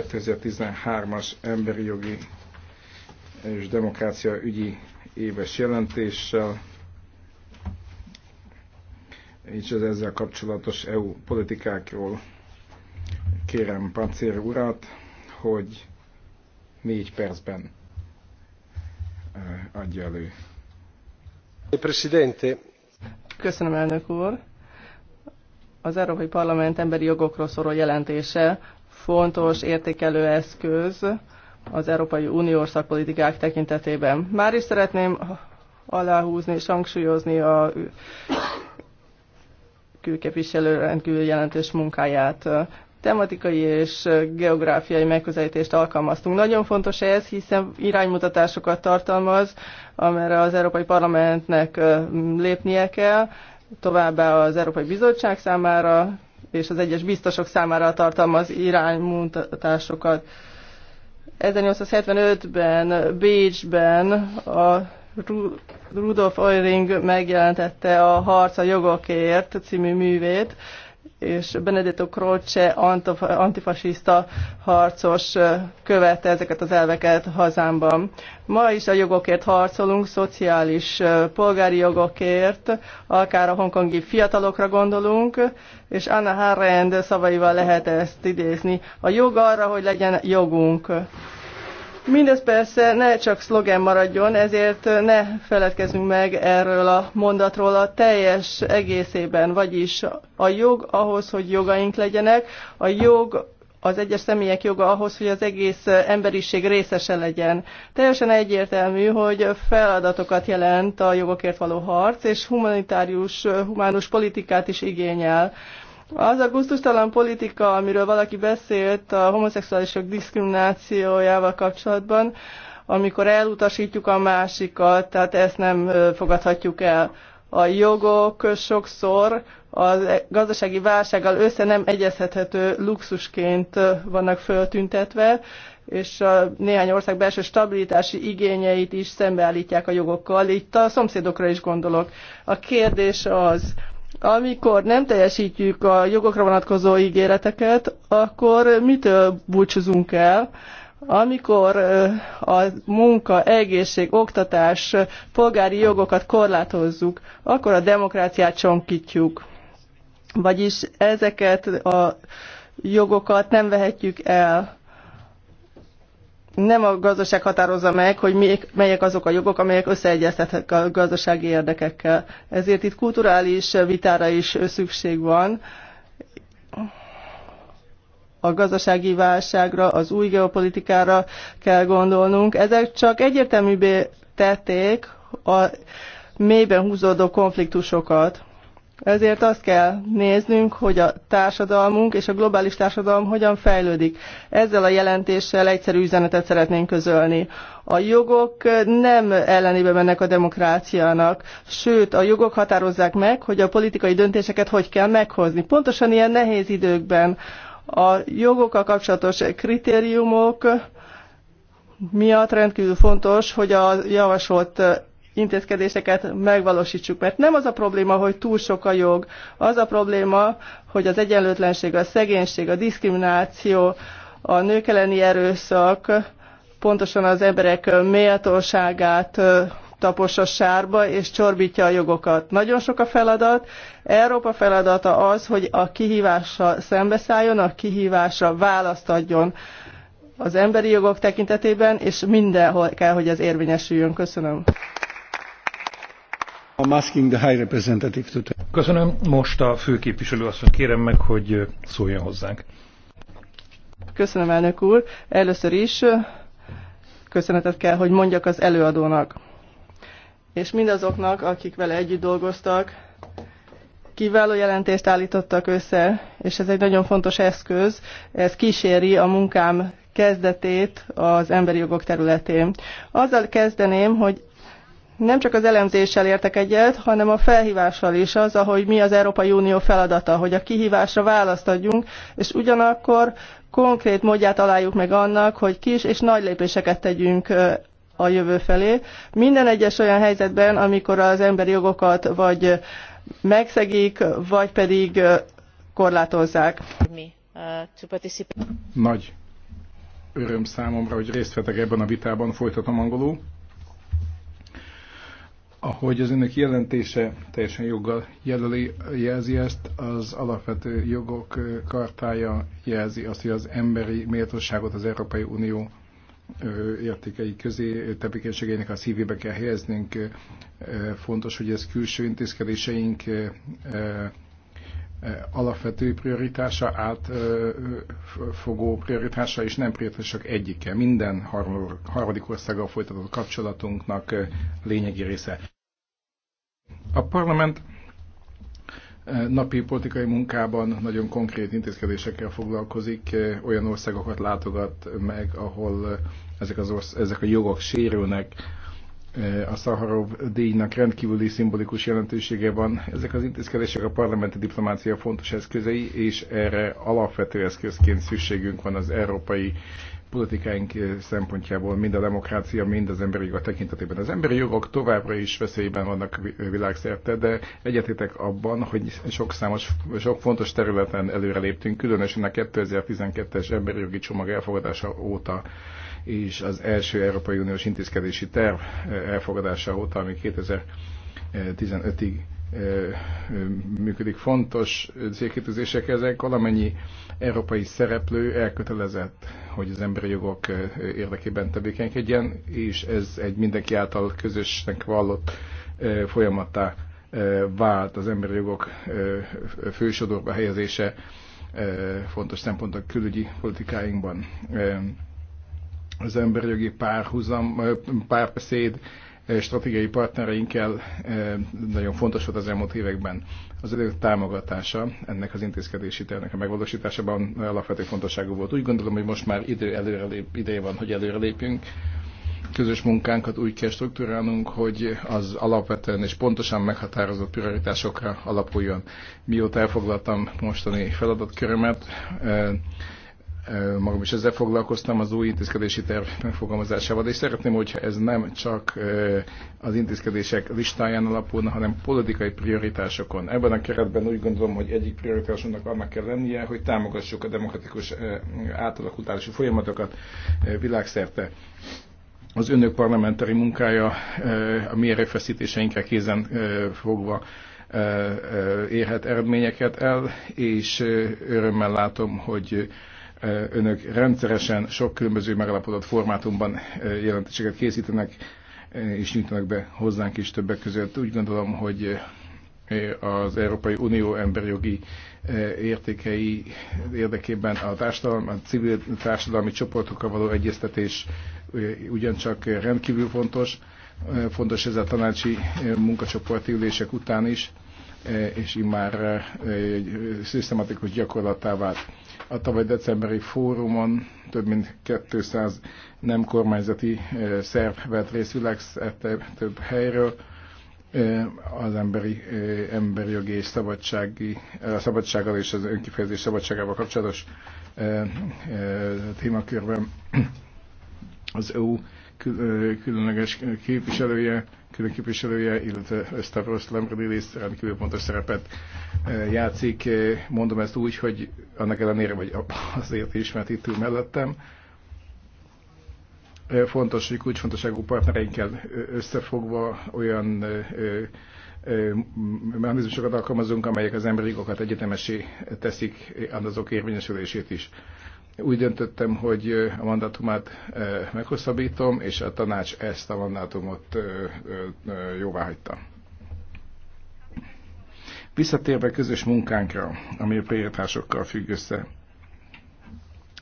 2013-as emberi jogi és demokrácia ügyi éves jelentéssel, és az ezzel kapcsolatos EU politikákról kérem Pancér urat, hogy négy percben eh, adja elő. Köszönöm, elnök úr. Az Európai Parlament emberi jogokról szóló jelentése fontos értékelő eszköz az Európai Unió szakpolitikák tekintetében. Már is szeretném aláhúzni és hangsúlyozni a külképviselő rendkívül jelentős munkáját. Tematikai és geográfiai megközelítést alkalmaztunk. Nagyon fontos ez, hiszen iránymutatásokat tartalmaz, amelyre az Európai Parlamentnek lépnie kell, továbbá az Európai Bizottság számára és az egyes biztosok számára tartalmaz iránymutatásokat. 1875-ben Bécsben a Rudolf Euring megjelentette a Harc a jogokért című művét, és Benedetto Croce antifasiszta harcos követte ezeket az elveket hazámban. Ma is a jogokért harcolunk, szociális, polgári jogokért, akár a hongkongi fiatalokra gondolunk, és Anna Harrend szavaival lehet ezt idézni. A jog arra, hogy legyen jogunk. Mindez persze ne csak szlogen maradjon, ezért ne feledkezzünk meg erről a mondatról a teljes egészében, vagyis a jog ahhoz, hogy jogaink legyenek, a jog az egyes személyek joga ahhoz, hogy az egész emberiség részese legyen. Teljesen egyértelmű, hogy feladatokat jelent a jogokért való harc, és humanitárius, humánus politikát is igényel. Az a gusztustalan politika, amiről valaki beszélt a homoszexuálisok diszkriminációjával kapcsolatban, amikor elutasítjuk a másikat, tehát ezt nem fogadhatjuk el. A jogok sokszor a gazdasági válsággal össze nem egyezhethető luxusként vannak föltüntetve, és a néhány ország belső stabilitási igényeit is szembeállítják a jogokkal. Itt a szomszédokra is gondolok. A kérdés az, amikor nem teljesítjük a jogokra vonatkozó ígéreteket, akkor mitől búcsúzunk el? Amikor a munka, egészség, oktatás, polgári jogokat korlátozzuk, akkor a demokráciát csonkítjuk. Vagyis ezeket a jogokat nem vehetjük el nem a gazdaság határozza meg, hogy melyek azok a jogok, amelyek összeegyeztethetők a gazdasági érdekekkel. Ezért itt kulturális vitára is szükség van. A gazdasági válságra, az új geopolitikára kell gondolnunk. Ezek csak egyértelműbbé tették a mélyben húzódó konfliktusokat. Ezért azt kell néznünk, hogy a társadalmunk és a globális társadalom hogyan fejlődik. Ezzel a jelentéssel egyszerű üzenetet szeretnénk közölni. A jogok nem ellenébe mennek a demokráciának, sőt a jogok határozzák meg, hogy a politikai döntéseket hogy kell meghozni. Pontosan ilyen nehéz időkben a jogokkal kapcsolatos kritériumok miatt rendkívül fontos, hogy a javasolt intézkedéseket megvalósítsuk. Mert nem az a probléma, hogy túl sok a jog, az a probléma, hogy az egyenlőtlenség, a szegénység, a diszkrimináció, a nők elleni erőszak pontosan az emberek méltóságát tapos a sárba, és csorbítja a jogokat. Nagyon sok a feladat. Európa feladata az, hogy a kihívásra szembeszálljon, a kihívásra választ adjon az emberi jogok tekintetében, és mindenhol kell, hogy ez érvényesüljön. Köszönöm. Köszönöm. Most a főképviselő asszony kérem meg, hogy szóljon hozzánk. Köszönöm, elnök úr. Először is köszönetet kell, hogy mondjak az előadónak. És mindazoknak, akik vele együtt dolgoztak, kiváló jelentést állítottak össze, és ez egy nagyon fontos eszköz. Ez kíséri a munkám kezdetét az emberi jogok területén. Azzal kezdeném, hogy nem csak az elemzéssel értek egyet, hanem a felhívással is az, ahogy mi az Európai Unió feladata, hogy a kihívásra választ adjunk, és ugyanakkor konkrét módját találjuk meg annak, hogy kis és nagy lépéseket tegyünk a jövő felé. Minden egyes olyan helyzetben, amikor az emberi jogokat vagy megszegik, vagy pedig korlátozzák. Nagy öröm számomra, hogy részt vetek ebben a vitában, folytatom angolul. Ahogy az önök jelentése teljesen joggal jelöli, jelzi ezt, az alapvető jogok kartája jelzi azt, hogy az emberi méltóságot az Európai Unió értékei közé, tevékenységeinek a szívébe kell helyeznünk. Fontos, hogy ez külső intézkedéseink Eh, alapvető prioritása, átfogó eh, prioritása és nem prioritások egyike. Minden harmadik országgal folytatott kapcsolatunknak eh, lényegi része. A parlament napi politikai munkában nagyon konkrét intézkedésekkel foglalkozik, olyan országokat látogat meg, ahol ezek, az orsz- ezek a jogok sérülnek, Eh, a Szaharov díjnak rendkívüli szimbolikus jelentősége van. Ezek az intézkedések a parlamenti diplomácia fontos eszközei, és erre alapvető eszközként szükségünk van az európai politikáink eh, szempontjából, mind a demokrácia, mind az emberi jogok tekintetében. Az emberi jogok továbbra is veszélyben vannak világszerte, de egyetétek abban, hogy sok, számos, sok fontos területen előreléptünk, különösen a 2012-es emberi jogi csomag elfogadása óta és az első Európai Uniós intézkedési terv elfogadása óta, ami 2015-ig működik. Fontos célkitűzések ezek, valamennyi európai szereplő elkötelezett, hogy az emberi jogok érdekében tevékenykedjen, és ez egy mindenki által közösnek vallott folyamattá vált az emberi jogok fősodorba helyezése fontos szempont a külügyi politikáinkban az emberjogi párhuzam, párbeszéd stratégiai partnereinkkel nagyon fontos volt az elmúlt években. Az elő támogatása ennek az intézkedési tervnek a megvalósításában alapvető fontosságú volt. Úgy gondolom, hogy most már idő előrelép, ideje van, hogy előrelépjünk. Közös munkánkat úgy kell struktúrálnunk, hogy az alapvetően és pontosan meghatározott prioritásokra alapuljon. Mióta elfoglaltam mostani feladatkörömet, magam is ezzel foglalkoztam az új intézkedési terv megfogalmazásával, és szeretném, hogyha ez nem csak az intézkedések listáján alapulna, hanem politikai prioritásokon. Ebben a keretben úgy gondolom, hogy egyik prioritásunknak annak kell lennie, hogy támogassuk a demokratikus átalakulási folyamatokat világszerte az önök parlamentari munkája a mi erőfeszítéseinkre kézen fogva érhet eredményeket el, és örömmel látom, hogy önök rendszeresen sok különböző megalapodott formátumban jelentéseket készítenek, és nyújtanak be hozzánk is többek között. Úgy gondolom, hogy az Európai Unió emberjogi értékei érdekében a, társadalom, a civil társadalmi csoportokkal való egyeztetés ugyancsak rendkívül fontos. Fontos ez a tanácsi munkacsoporti ülések után is, és immár szisztematikus gyakorlattá vált. A tavaly decemberi fórumon több mint 200 nem kormányzati eh, szerv vett részt világszerte több helyről. Eh, az emberi, eh, emberi jogi és szabadsági, szabadsággal és az önkifejezés szabadságával kapcsolatos témakörben az EU különleges képviselője, külön képviselője, illetve Stavros Lambrinidis rendkívül fontos szerepet játszik. Mondom ezt úgy, hogy annak ellenére, vagy azért is, mert itt ül mellettem. Fontos, hogy kulcsfontosságú partnereinkkel összefogva olyan mechanizmusokat alkalmazunk, amelyek az emberi jogokat egyetemesé teszik, azok érvényesülését is. Úgy döntöttem, hogy a mandátumát meghosszabbítom, és a tanács ezt a mandátumot jóvá hagyta. Visszatérve közös munkánkra, ami a prioritásokkal függ össze,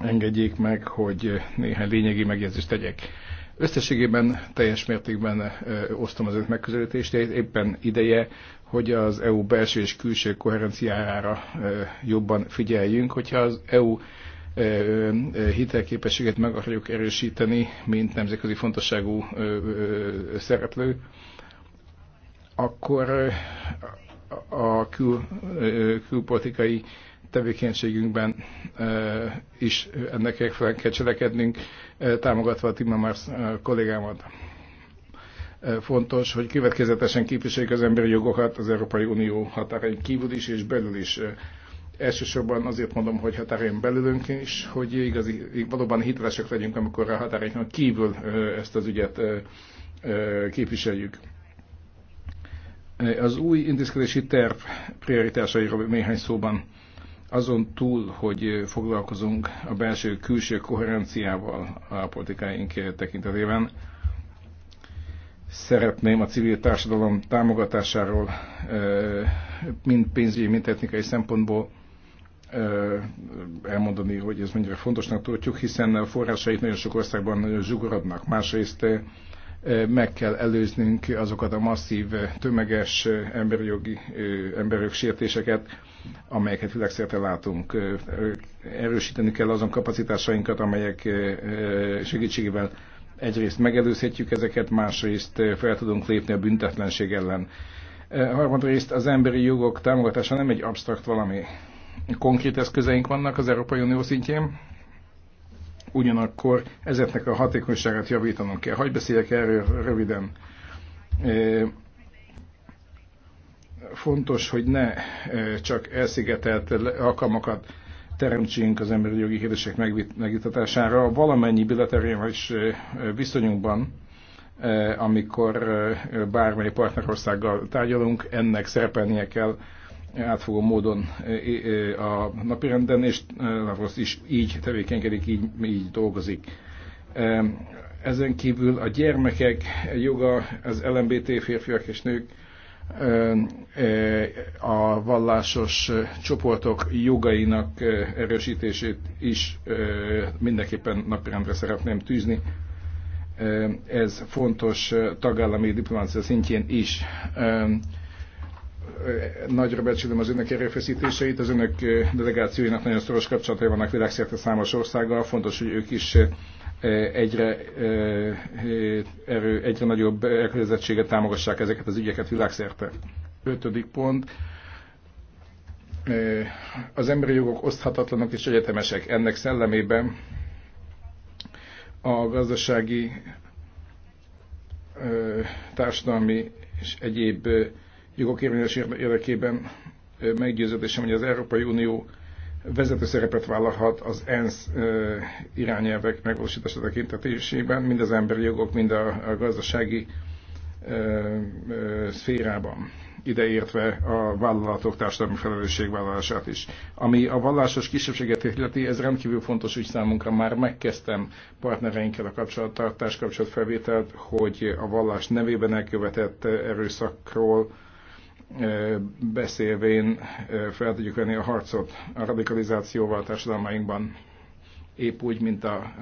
engedjék meg, hogy néhány lényegi megjegyzést tegyek. Összességében teljes mértékben osztom az önök megközelítést, éppen ideje, hogy az EU belső és külső koherenciájára jobban figyeljünk. Hogyha az EU hitelképességet meg akarjuk erősíteni, mint nemzetközi fontosságú szereplő, akkor a kül, külpolitikai tevékenységünkben is ennek fel kell cselekednünk, támogatva a Timmermans kollégámat. Fontos, hogy következetesen képviseljük az emberi jogokat az Európai Unió határain kívül is és belül is. Elsősorban azért mondom, hogy határain belülünk is, hogy igazi, valóban hitelesek legyünk, amikor a határainkon kívül ezt az ügyet képviseljük. Az új intézkedési terv prioritásairól néhány szóban azon túl, hogy foglalkozunk a belső-külső koherenciával a politikáink tekintetében, szeretném a civil társadalom támogatásáról mind pénzügyi, mind technikai szempontból elmondani, hogy ez mennyire fontosnak tartjuk, hiszen a forrásait nagyon sok országban zsugorodnak. Másrészt meg kell előznünk azokat a masszív, tömeges emberjogi, emberjog sértéseket, amelyeket világszerte látunk. Erősíteni kell azon kapacitásainkat, amelyek segítségével egyrészt megelőzhetjük ezeket, másrészt fel tudunk lépni a büntetlenség ellen. Harmadrészt az emberi jogok támogatása nem egy absztrakt valami, konkrét eszközeink vannak az Európai Unió szintjén, ugyanakkor ezeknek a hatékonyságát javítanunk kell. Hogy beszéljek erről röviden. Fontos, hogy ne csak elszigetelt alkalmakat teremtsünk az emberi jogi kérdések megvitatására. Valamennyi vagy viszonyunkban, amikor bármely partnerországgal tárgyalunk, ennek szerepelnie kell átfogó módon e, e, e, a napirenden, és Lavrosz is így tevékenykedik, így, így dolgozik. Ezen kívül a gyermekek joga, az LMBT férfiak és nők, a vallásos csoportok jogainak erősítését is mindenképpen napirendre szeretném tűzni. Ez fontos tagállami diplomácia szintjén is nagyra becsülöm az önök erőfeszítéseit, az önök delegációinak nagyon szoros kapcsolatai vannak világszerte számos országgal, fontos, hogy ők is egyre, erő, egyre nagyobb elkötelezettséget támogassák ezeket az ügyeket világszerte. Ötödik pont, az emberi jogok oszthatatlanok és egyetemesek. Ennek szellemében a gazdasági, társadalmi és egyéb jogok érvényes érdekében meggyőződésem, hogy az Európai Unió vezető szerepet vállalhat az ENSZ irányelvek megvalósítása tekintetésében, mind az emberi jogok, mind a, gazdasági szférában, ideértve a vállalatok társadalmi felelősségvállalását is. Ami a vallásos kisebbséget illeti, ez rendkívül fontos úgy számunkra. Már megkezdtem partnereinkkel a kapcsolattartás, kapcsolatfelvételt, hogy a vallás nevében elkövetett erőszakról, beszélvén fel tudjuk venni a harcot a radikalizációval a társadalmainkban, épp úgy, mint a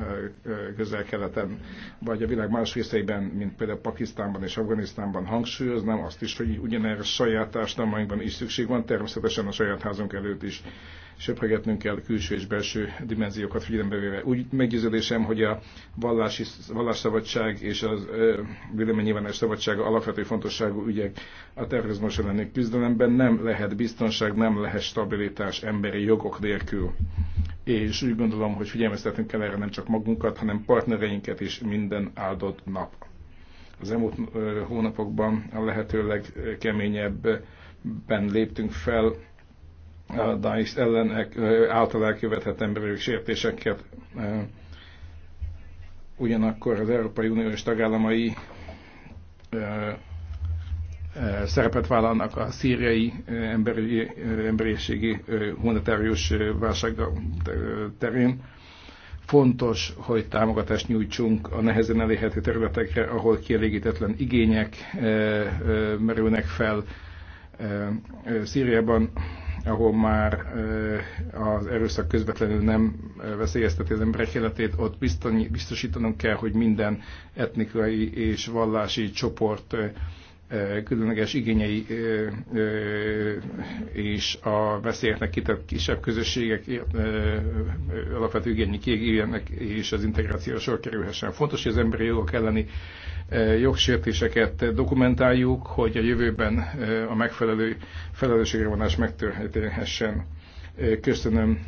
közel-keleten, vagy a világ más részeiben, mint például Pakisztánban és Afganisztánban hangsúlyoznám azt is, hogy ugyanerre saját társadalmainkban is szükség van, természetesen a saját házunk előtt is söpregetnünk kell külső és belső dimenziókat figyelembe véve. Úgy meggyőződésem, hogy a vallási, vallásszabadság és a véleménynyilvánás szabadsága alapvető fontosságú ügyek a terrorizmus elleni küzdelemben nem lehet biztonság, nem lehet stabilitás emberi jogok nélkül. És úgy gondolom, hogy figyelmeztetnünk kell erre nem csak magunkat, hanem partnereinket is minden áldott nap. Az elmúlt hónapokban a lehető legkeményebben léptünk fel a DICE ellen e, által elkövethet emberi sértéseket. Ugyanakkor az Európai Uniós tagállamai szerepet vállalnak a szíriai emberi, emberiségi humanitárius válság terén. Fontos, hogy támogatást nyújtsunk a nehezen elérhető területekre, ahol kielégítetlen igények merülnek fel Szíriában ahol már az erőszak közvetlenül nem veszélyezteti az emberek életét, ott biztosítanunk kell, hogy minden etnikai és vallási csoport különleges igényei és a veszélyeknek kitett kisebb közösségek alapvető igényi kiégjenek, és az integrációra sor kerülhessen. Fontos, hogy az emberi jogok elleni jogsértéseket dokumentáljuk, hogy a jövőben a megfelelő felelősségre vonás megtörténhessen. Köszönöm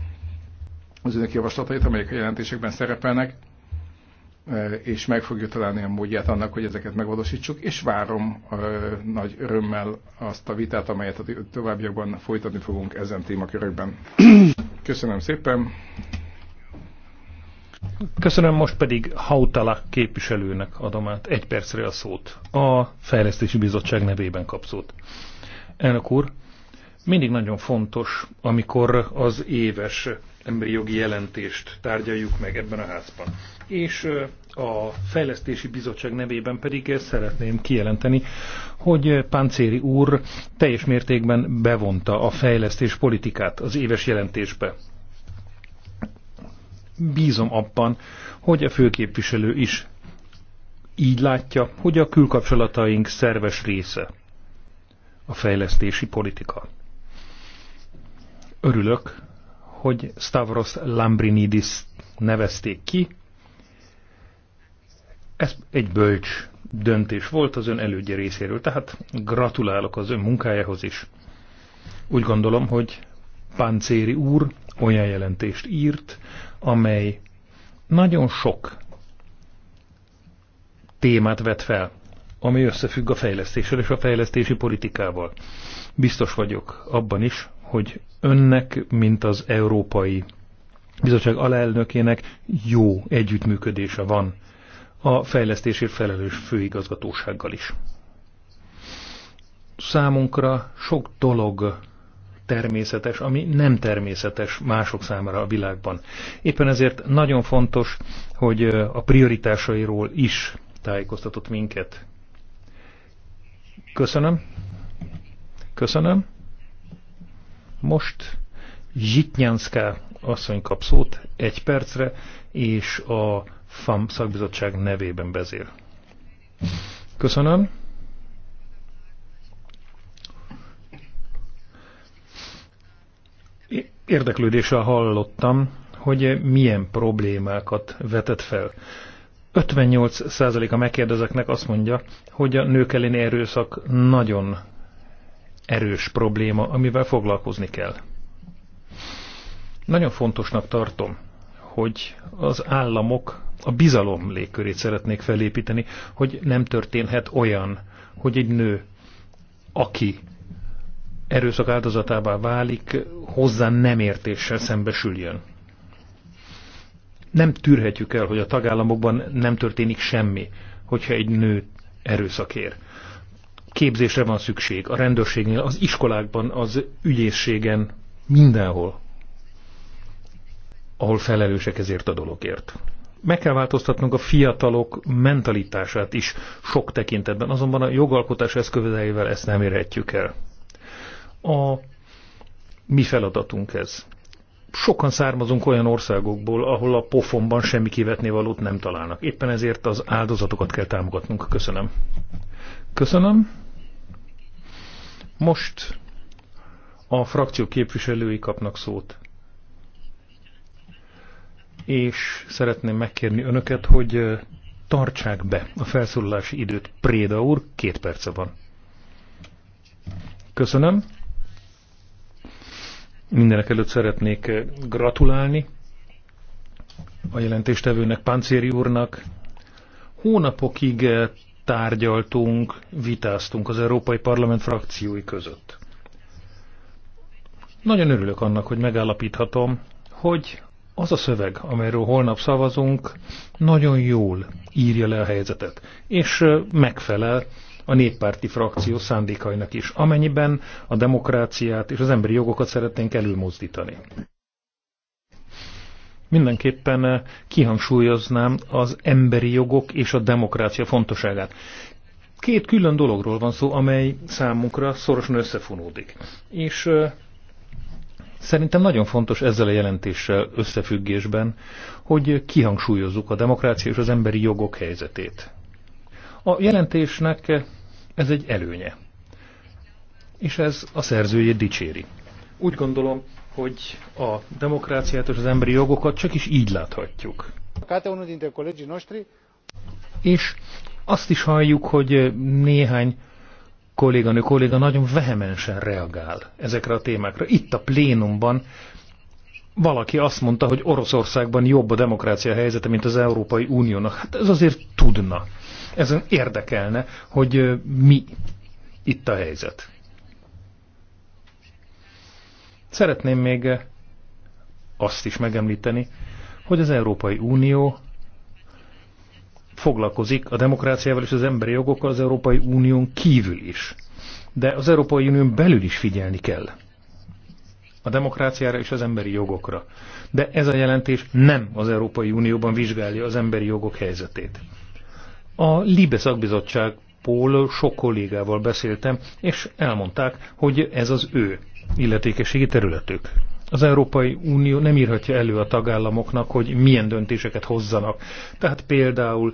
az önök javaslatait, amelyek a jelentésekben szerepelnek, és meg fogjuk találni a módját annak, hogy ezeket megvalósítsuk, és várom nagy örömmel azt a vitát, amelyet a továbbiakban folytatni fogunk ezen témakörökben. Köszönöm szépen! Köszönöm, most pedig Hautala képviselőnek adom át egy percre a szót. A Fejlesztési Bizottság nevében kap szót. Elnök úr, mindig nagyon fontos, amikor az éves emberi jogi jelentést tárgyaljuk meg ebben a házban. És a Fejlesztési Bizottság nevében pedig szeretném kijelenteni, hogy Páncéri úr teljes mértékben bevonta a fejlesztés politikát az éves jelentésbe bízom abban, hogy a főképviselő is így látja, hogy a külkapcsolataink szerves része a fejlesztési politika. Örülök, hogy Stavros Lambrinidis nevezték ki. Ez egy bölcs döntés volt az ön elődje részéről, tehát gratulálok az ön munkájához is. Úgy gondolom, hogy Páncéri úr olyan jelentést írt, amely nagyon sok témát vet fel, ami összefügg a fejlesztéssel és a fejlesztési politikával. Biztos vagyok abban is, hogy önnek, mint az Európai Bizottság alelnökének jó együttműködése van a fejlesztésért felelős főigazgatósággal is. Számunkra sok dolog természetes, ami nem természetes mások számára a világban. Éppen ezért nagyon fontos, hogy a prioritásairól is tájékoztatott minket. Köszönöm. Köszönöm. Most Zsitnyánszká asszony kap szót egy percre, és a FAM szakbizottság nevében bezél. Köszönöm. érdeklődéssel hallottam, hogy milyen problémákat vetett fel. 58%-a megkérdezeknek azt mondja, hogy a nők elleni erőszak nagyon erős probléma, amivel foglalkozni kell. Nagyon fontosnak tartom, hogy az államok a bizalom légkörét szeretnék felépíteni, hogy nem történhet olyan, hogy egy nő, aki erőszak áldozatává válik, hozzá nem értéssel szembesüljön. Nem tűrhetjük el, hogy a tagállamokban nem történik semmi, hogyha egy nő erőszakér. Képzésre van szükség, a rendőrségnél, az iskolákban, az ügyészségen, mindenhol, ahol felelősek ezért a dologért. Meg kell változtatnunk a fiatalok mentalitását is sok tekintetben, azonban a jogalkotás eszközeivel ezt nem érhetjük el. A mi feladatunk ez. Sokan származunk olyan országokból, ahol a pofonban semmi kivetni valót nem találnak. Éppen ezért az áldozatokat kell támogatnunk. Köszönöm. Köszönöm. Most a frakció képviselői kapnak szót. És szeretném megkérni önöket, hogy tartsák be a felszólalási időt. Préda úr, két perce van. Köszönöm. Mindenek előtt szeretnék eh, gratulálni a jelentéstevőnek, Páncéri úrnak. Hónapokig eh, tárgyaltunk, vitáztunk az Európai Parlament frakciói között. Nagyon örülök annak, hogy megállapíthatom, hogy az a szöveg, amelyről holnap szavazunk, nagyon jól írja le a helyzetet, és eh, megfelel a néppárti frakció szándékainak is, amennyiben a demokráciát és az emberi jogokat szeretnénk előmozdítani. Mindenképpen eh, kihangsúlyoznám az emberi jogok és a demokrácia fontosságát. Két külön dologról van szó, amely számunkra szorosan összefonódik. És eh, Szerintem nagyon fontos ezzel a jelentéssel összefüggésben, hogy kihangsúlyozzuk a demokrácia és az emberi jogok helyzetét. A jelentésnek ez egy előnye, és ez a szerzőjét dicséri. Úgy gondolom, hogy a demokráciát és az emberi jogokat csak is így láthatjuk. És azt is halljuk, hogy néhány kolléganő kolléga nagyon vehemensen reagál ezekre a témákra. Itt a plénumban valaki azt mondta, hogy Oroszországban jobb a demokrácia helyzete, mint az Európai Uniónak. Hát ez azért tudna ezen érdekelne, hogy mi itt a helyzet. Szeretném még azt is megemlíteni, hogy az Európai Unió foglalkozik a demokráciával és az emberi jogokkal az Európai Unión kívül is. De az Európai Unión belül is figyelni kell a demokráciára és az emberi jogokra. De ez a jelentés nem az Európai Unióban vizsgálja az emberi jogok helyzetét. A Libe szakbizottságból sok kollégával beszéltem, és elmondták, hogy ez az ő illetékességi területük. Az Európai Unió nem írhatja elő a tagállamoknak, hogy milyen döntéseket hozzanak. Tehát például,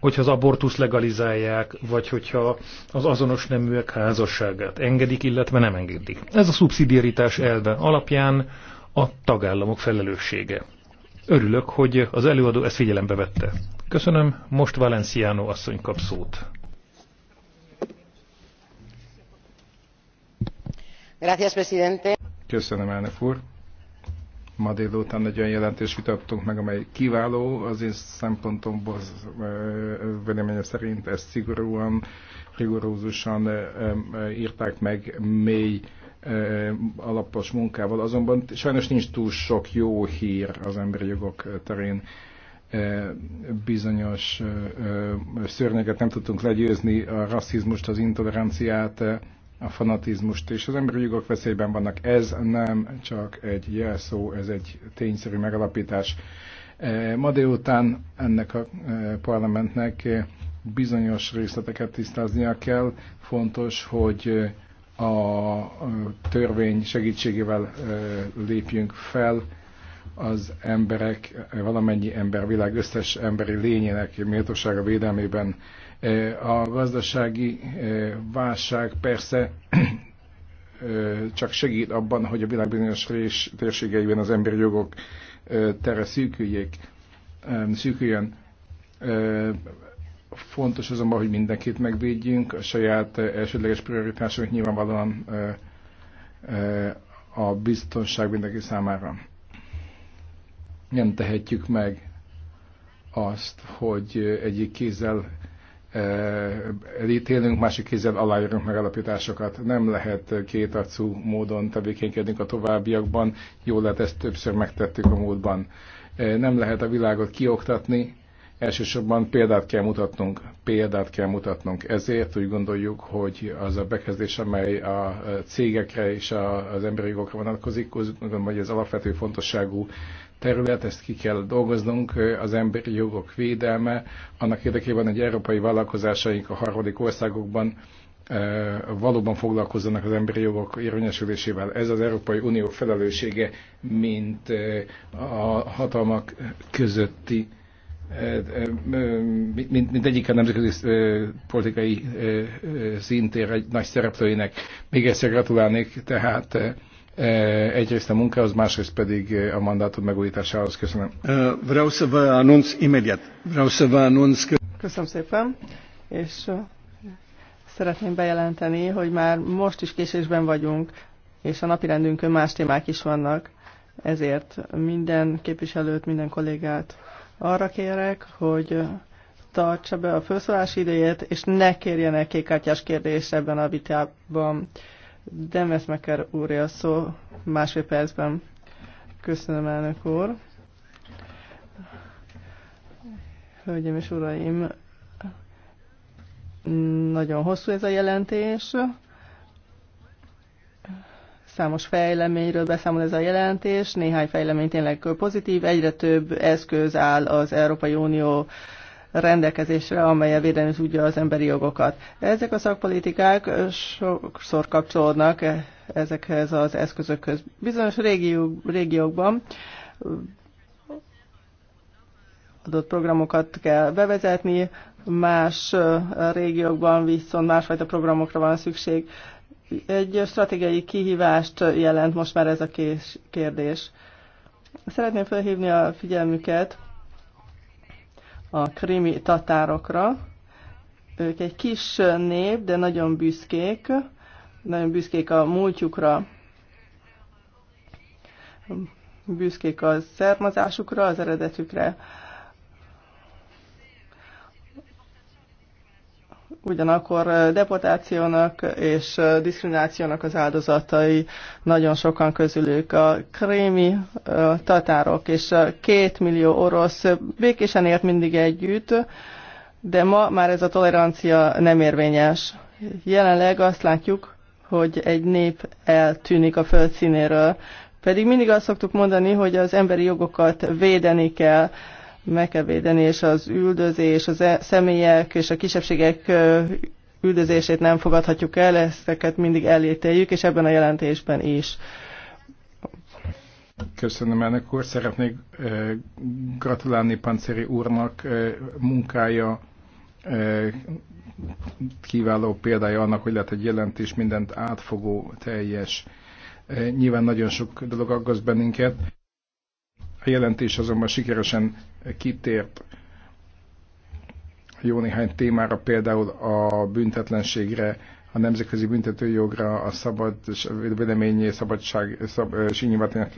hogyha az abortusz legalizálják, vagy hogyha az azonos neműek házasságát engedik, illetve nem engedik. Ez a szubszidiaritás elve alapján a tagállamok felelőssége. Örülök, hogy az előadó ezt figyelembe vette. Köszönöm, most Valenciano asszony kap szót. Gracias, presidente. Köszönöm, elnök úr. Ma délután egy olyan jelentést vitattunk meg, amely kiváló, az én szempontomból véleményem szerint ezt szigorúan, rigorózusan írták meg mély alapos munkával, azonban sajnos nincs túl sok jó hír az emberi jogok terén. Bizonyos szörnyeket nem tudtunk legyőzni, a rasszizmust, az intoleranciát, a fanatizmust, és az emberi jogok veszélyben vannak. Ez nem csak egy jelszó, ez egy tényszerű megalapítás. Ma délután ennek a parlamentnek bizonyos részleteket tisztáznia kell. Fontos, hogy a törvény segítségével lépjünk fel az emberek, valamennyi ember, világ összes emberi lényének méltósága védelmében. A gazdasági válság persze csak segít abban, hogy a világ bizonyos térségeiben az emberi jogok tere szűküljék, szűküljön Fontos azonban, hogy mindenkit megvédjünk, a saját eh, elsődleges prioritásunk nyilvánvalóan eh, eh, a biztonság mindenki számára. Nem tehetjük meg azt, hogy egyik kézzel elítélünk, másik kézzel aláírunk megalapításokat. Nem lehet két arcú módon tevékenykedni a továbbiakban, jól lehet ezt többször megtettük a módban. Nem lehet a világot kioktatni, Elsősorban példát kell mutatnunk, példát kell mutatnunk. Ezért úgy gondoljuk, hogy az a bekezdés, amely a cégekre és az emberi jogokra vonatkozik, az, gondolom, hogy ez alapvető fontosságú terület, ezt ki kell dolgoznunk, az emberi jogok védelme, annak érdekében, hogy európai vállalkozásaink a harmadik országokban e, valóban foglalkozzanak az emberi jogok érvényesülésével. Ez az Európai Unió felelőssége, mint e, a hatalmak közötti mint, mint egyik a nemzetközi politikai szintér egy nagy szereplőinek. Még egyszer gratulálnék, tehát egyrészt a munkához, másrészt pedig a mandátum megújításához. Köszönöm. Vreau să vă anunț imediat. Vreau să vă anunț că... Köszönöm szépen, és szeretném bejelenteni, hogy már most is késésben vagyunk, és a napirendünkön más témák is vannak. Ezért minden képviselőt, minden kollégát arra kérek, hogy tartsa be a felszólás idejét, és ne kérjenek kékkártyás kérdés ebben a vitában. Demes Meker úrja a szó másfél percben. Köszönöm, elnök úr. Hölgyeim és uraim, nagyon hosszú ez a jelentés. Számos fejleményről beszámol ez a jelentés, néhány fejlemény tényleg pozitív, egyre több eszköz áll az Európai Unió rendelkezésre, amelyel védeni tudja az emberi jogokat. Ezek a szakpolitikák sokszor kapcsolódnak e- ezekhez az eszközökhöz. Bizonyos régiók, régiókban adott programokat kell bevezetni, más régiókban viszont másfajta programokra van szükség egy stratégiai kihívást jelent most már ez a kérdés. Szeretném felhívni a figyelmüket a krimi tatárokra. Ők egy kis nép, de nagyon büszkék, nagyon büszkék a múltjukra, büszkék a származásukra, az eredetükre. ugyanakkor deportációnak és diszkriminációnak az áldozatai nagyon sokan közülük. A krémi tatárok és két millió orosz békésen élt mindig együtt, de ma már ez a tolerancia nem érvényes. Jelenleg azt látjuk, hogy egy nép eltűnik a föld színéről. Pedig mindig azt szoktuk mondani, hogy az emberi jogokat védeni kell meg kell védeni, és az üldözés, az e- személyek és a kisebbségek üldözését nem fogadhatjuk el, ezeket mindig elítéljük, és ebben a jelentésben is. Köszönöm ennek úr. Szeretnék gratulálni Panceri úrnak munkája kiváló példája annak, hogy lehet egy jelentés mindent átfogó, teljes. Nyilván nagyon sok dolog aggaszt bennünket. A jelentés azonban sikeresen kitért jó néhány témára, például a büntetlenségre, a nemzetközi büntetőjogra, a szabad véleményé, szabadság, szab, és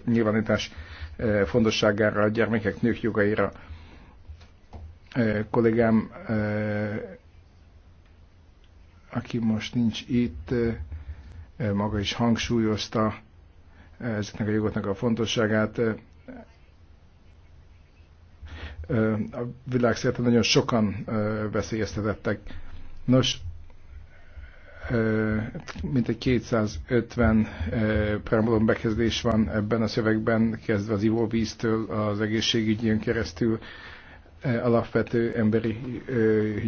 nyilvánítás fontosságára, a gyermekek, nők jogaira. Kollégám, aki most nincs itt, maga is hangsúlyozta ezeknek a jogoknak a fontosságát a világszerte nagyon sokan veszélyeztetettek. Nos, mintegy 250 preambulum bekezdés van ebben a szövegben, kezdve az ivóvíztől, az egészségügyén keresztül, alapvető emberi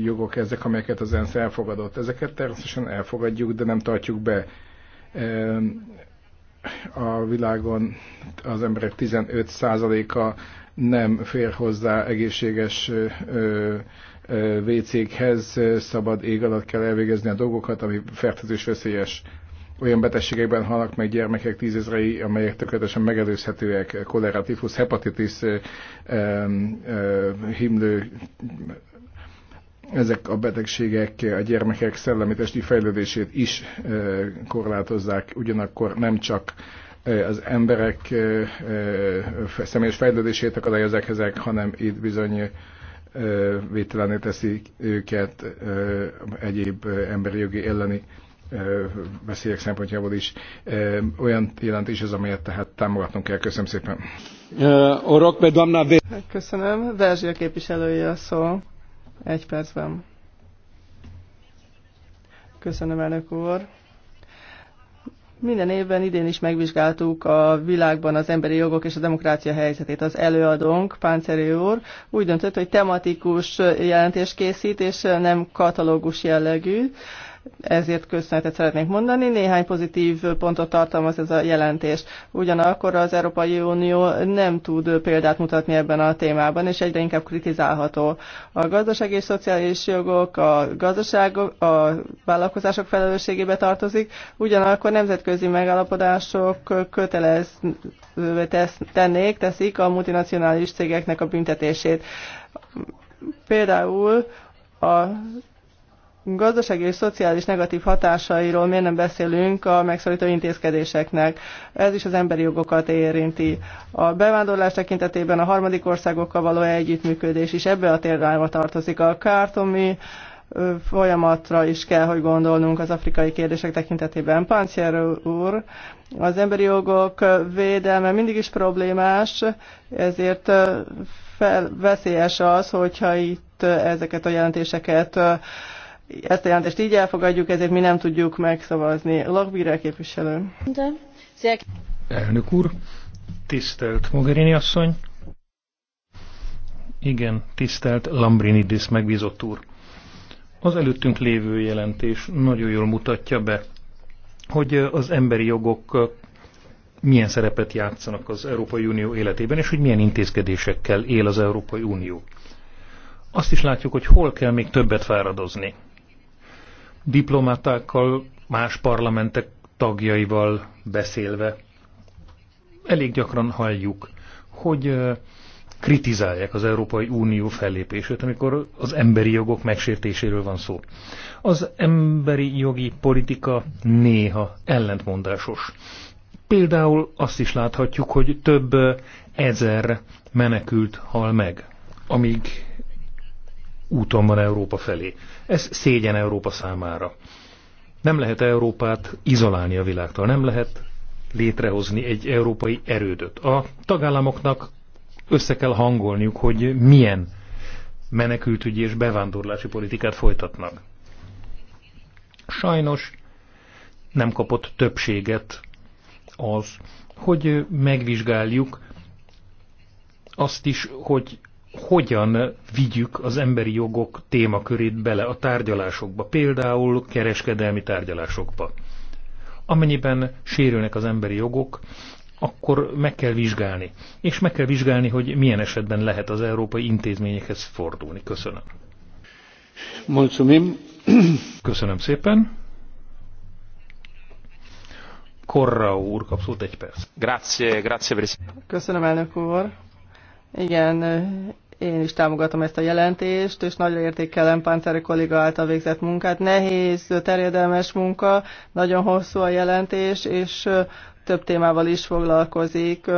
jogok ezek, amelyeket az ENSZ elfogadott. Ezeket természetesen elfogadjuk, de nem tartjuk be. A világon az emberek 15%-a nem fér hozzá egészséges WC-khez, szabad ég alatt kell elvégezni a dolgokat, ami fertőzés veszélyes. Olyan betegségekben halnak meg gyermekek tízezrei, amelyek tökéletesen megelőzhetőek, kolera, tifus, hepatitis, himlő, ezek a betegségek a gyermekek szellemi testi fejlődését is korlátozzák, ugyanakkor nem csak az emberek személyes fejlődését akadályozzák ezek, hanem itt bizony vételené teszi őket egyéb emberi jogi elleni veszélyek szempontjából is. Olyan jelentés ez, amelyet tehát támogatnunk kell. Köszönöm szépen. Köszönöm. Verzsia képviselője a szó. Egy percben. Köszönöm, elnök úr. Minden évben idén is megvizsgáltuk a világban az emberi jogok és a demokrácia helyzetét. Az előadónk, Pánceri úr, úgy döntött, hogy tematikus jelentést készít, és nem katalógus jellegű ezért köszönetet szeretnék mondani. Néhány pozitív pontot tartalmaz ez a jelentés. Ugyanakkor az Európai Unió nem tud példát mutatni ebben a témában, és egyre inkább kritizálható. A gazdasági és szociális jogok a gazdaság, a vállalkozások felelősségébe tartozik, ugyanakkor nemzetközi megállapodások kötelez tesz, tennék, teszik a multinacionális cégeknek a büntetését. Például a gazdasági és szociális negatív hatásairól miért nem beszélünk a megszorító intézkedéseknek. Ez is az emberi jogokat érinti. A bevándorlás tekintetében a harmadik országokkal való együttműködés is ebbe a térdájába tartozik. A kártomi folyamatra is kell, hogy gondolnunk az afrikai kérdések tekintetében. Páncier úr, az emberi jogok védelme mindig is problémás, ezért fel, veszélyes az, hogyha itt ezeket a jelentéseket ezt a jelentést így elfogadjuk, ezért mi nem tudjuk megszavazni. Lakbírel képviselő. Elnök úr, tisztelt Mogherini asszony, igen, tisztelt Lambrinidis megbízott úr. Az előttünk lévő jelentés nagyon jól mutatja be, hogy az emberi jogok milyen szerepet játszanak az Európai Unió életében, és hogy milyen intézkedésekkel él az Európai Unió. Azt is látjuk, hogy hol kell még többet fáradozni diplomatákkal, más parlamentek tagjaival beszélve elég gyakran halljuk, hogy kritizálják az Európai Unió fellépését, amikor az emberi jogok megsértéséről van szó. Az emberi jogi politika néha ellentmondásos. Például azt is láthatjuk, hogy több ezer menekült hal meg, amíg úton van Európa felé. Ez szégyen Európa számára. Nem lehet Európát izolálni a világtól, nem lehet létrehozni egy európai erődöt. A tagállamoknak össze kell hangolniuk, hogy milyen menekültügyi és bevándorlási politikát folytatnak. Sajnos nem kapott többséget az, hogy megvizsgáljuk azt is, hogy hogyan vigyük az emberi jogok témakörét bele a tárgyalásokba, például kereskedelmi tárgyalásokba. Amennyiben sérülnek az emberi jogok, akkor meg kell vizsgálni. És meg kell vizsgálni, hogy milyen esetben lehet az európai intézményekhez fordulni. Köszönöm. Mulțumim. Köszönöm szépen. Korra úr, kap egy perc. Grazie, grazie. Köszönöm, elnök úr. Igen, én is támogatom ezt a jelentést, és nagyra értékelem Páncer kolléga által végzett munkát. Nehéz, terjedelmes munka, nagyon hosszú a jelentés, és több témával is foglalkozik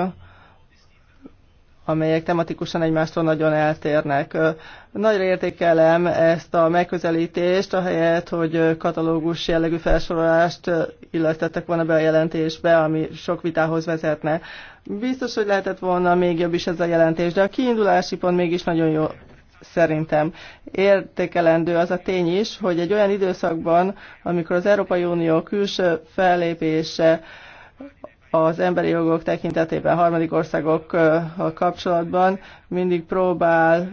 amelyek tematikusan egymástól nagyon eltérnek. Nagyra értékelem ezt a megközelítést, ahelyett, hogy katalógus jellegű felsorolást illesztettek volna be a jelentésbe, ami sok vitához vezetne. Biztos, hogy lehetett volna még jobb is ez a jelentés, de a kiindulási pont mégis nagyon jó szerintem. Értékelendő az a tény is, hogy egy olyan időszakban, amikor az Európai Unió külső fellépése az emberi jogok tekintetében harmadik országokkal kapcsolatban mindig próbál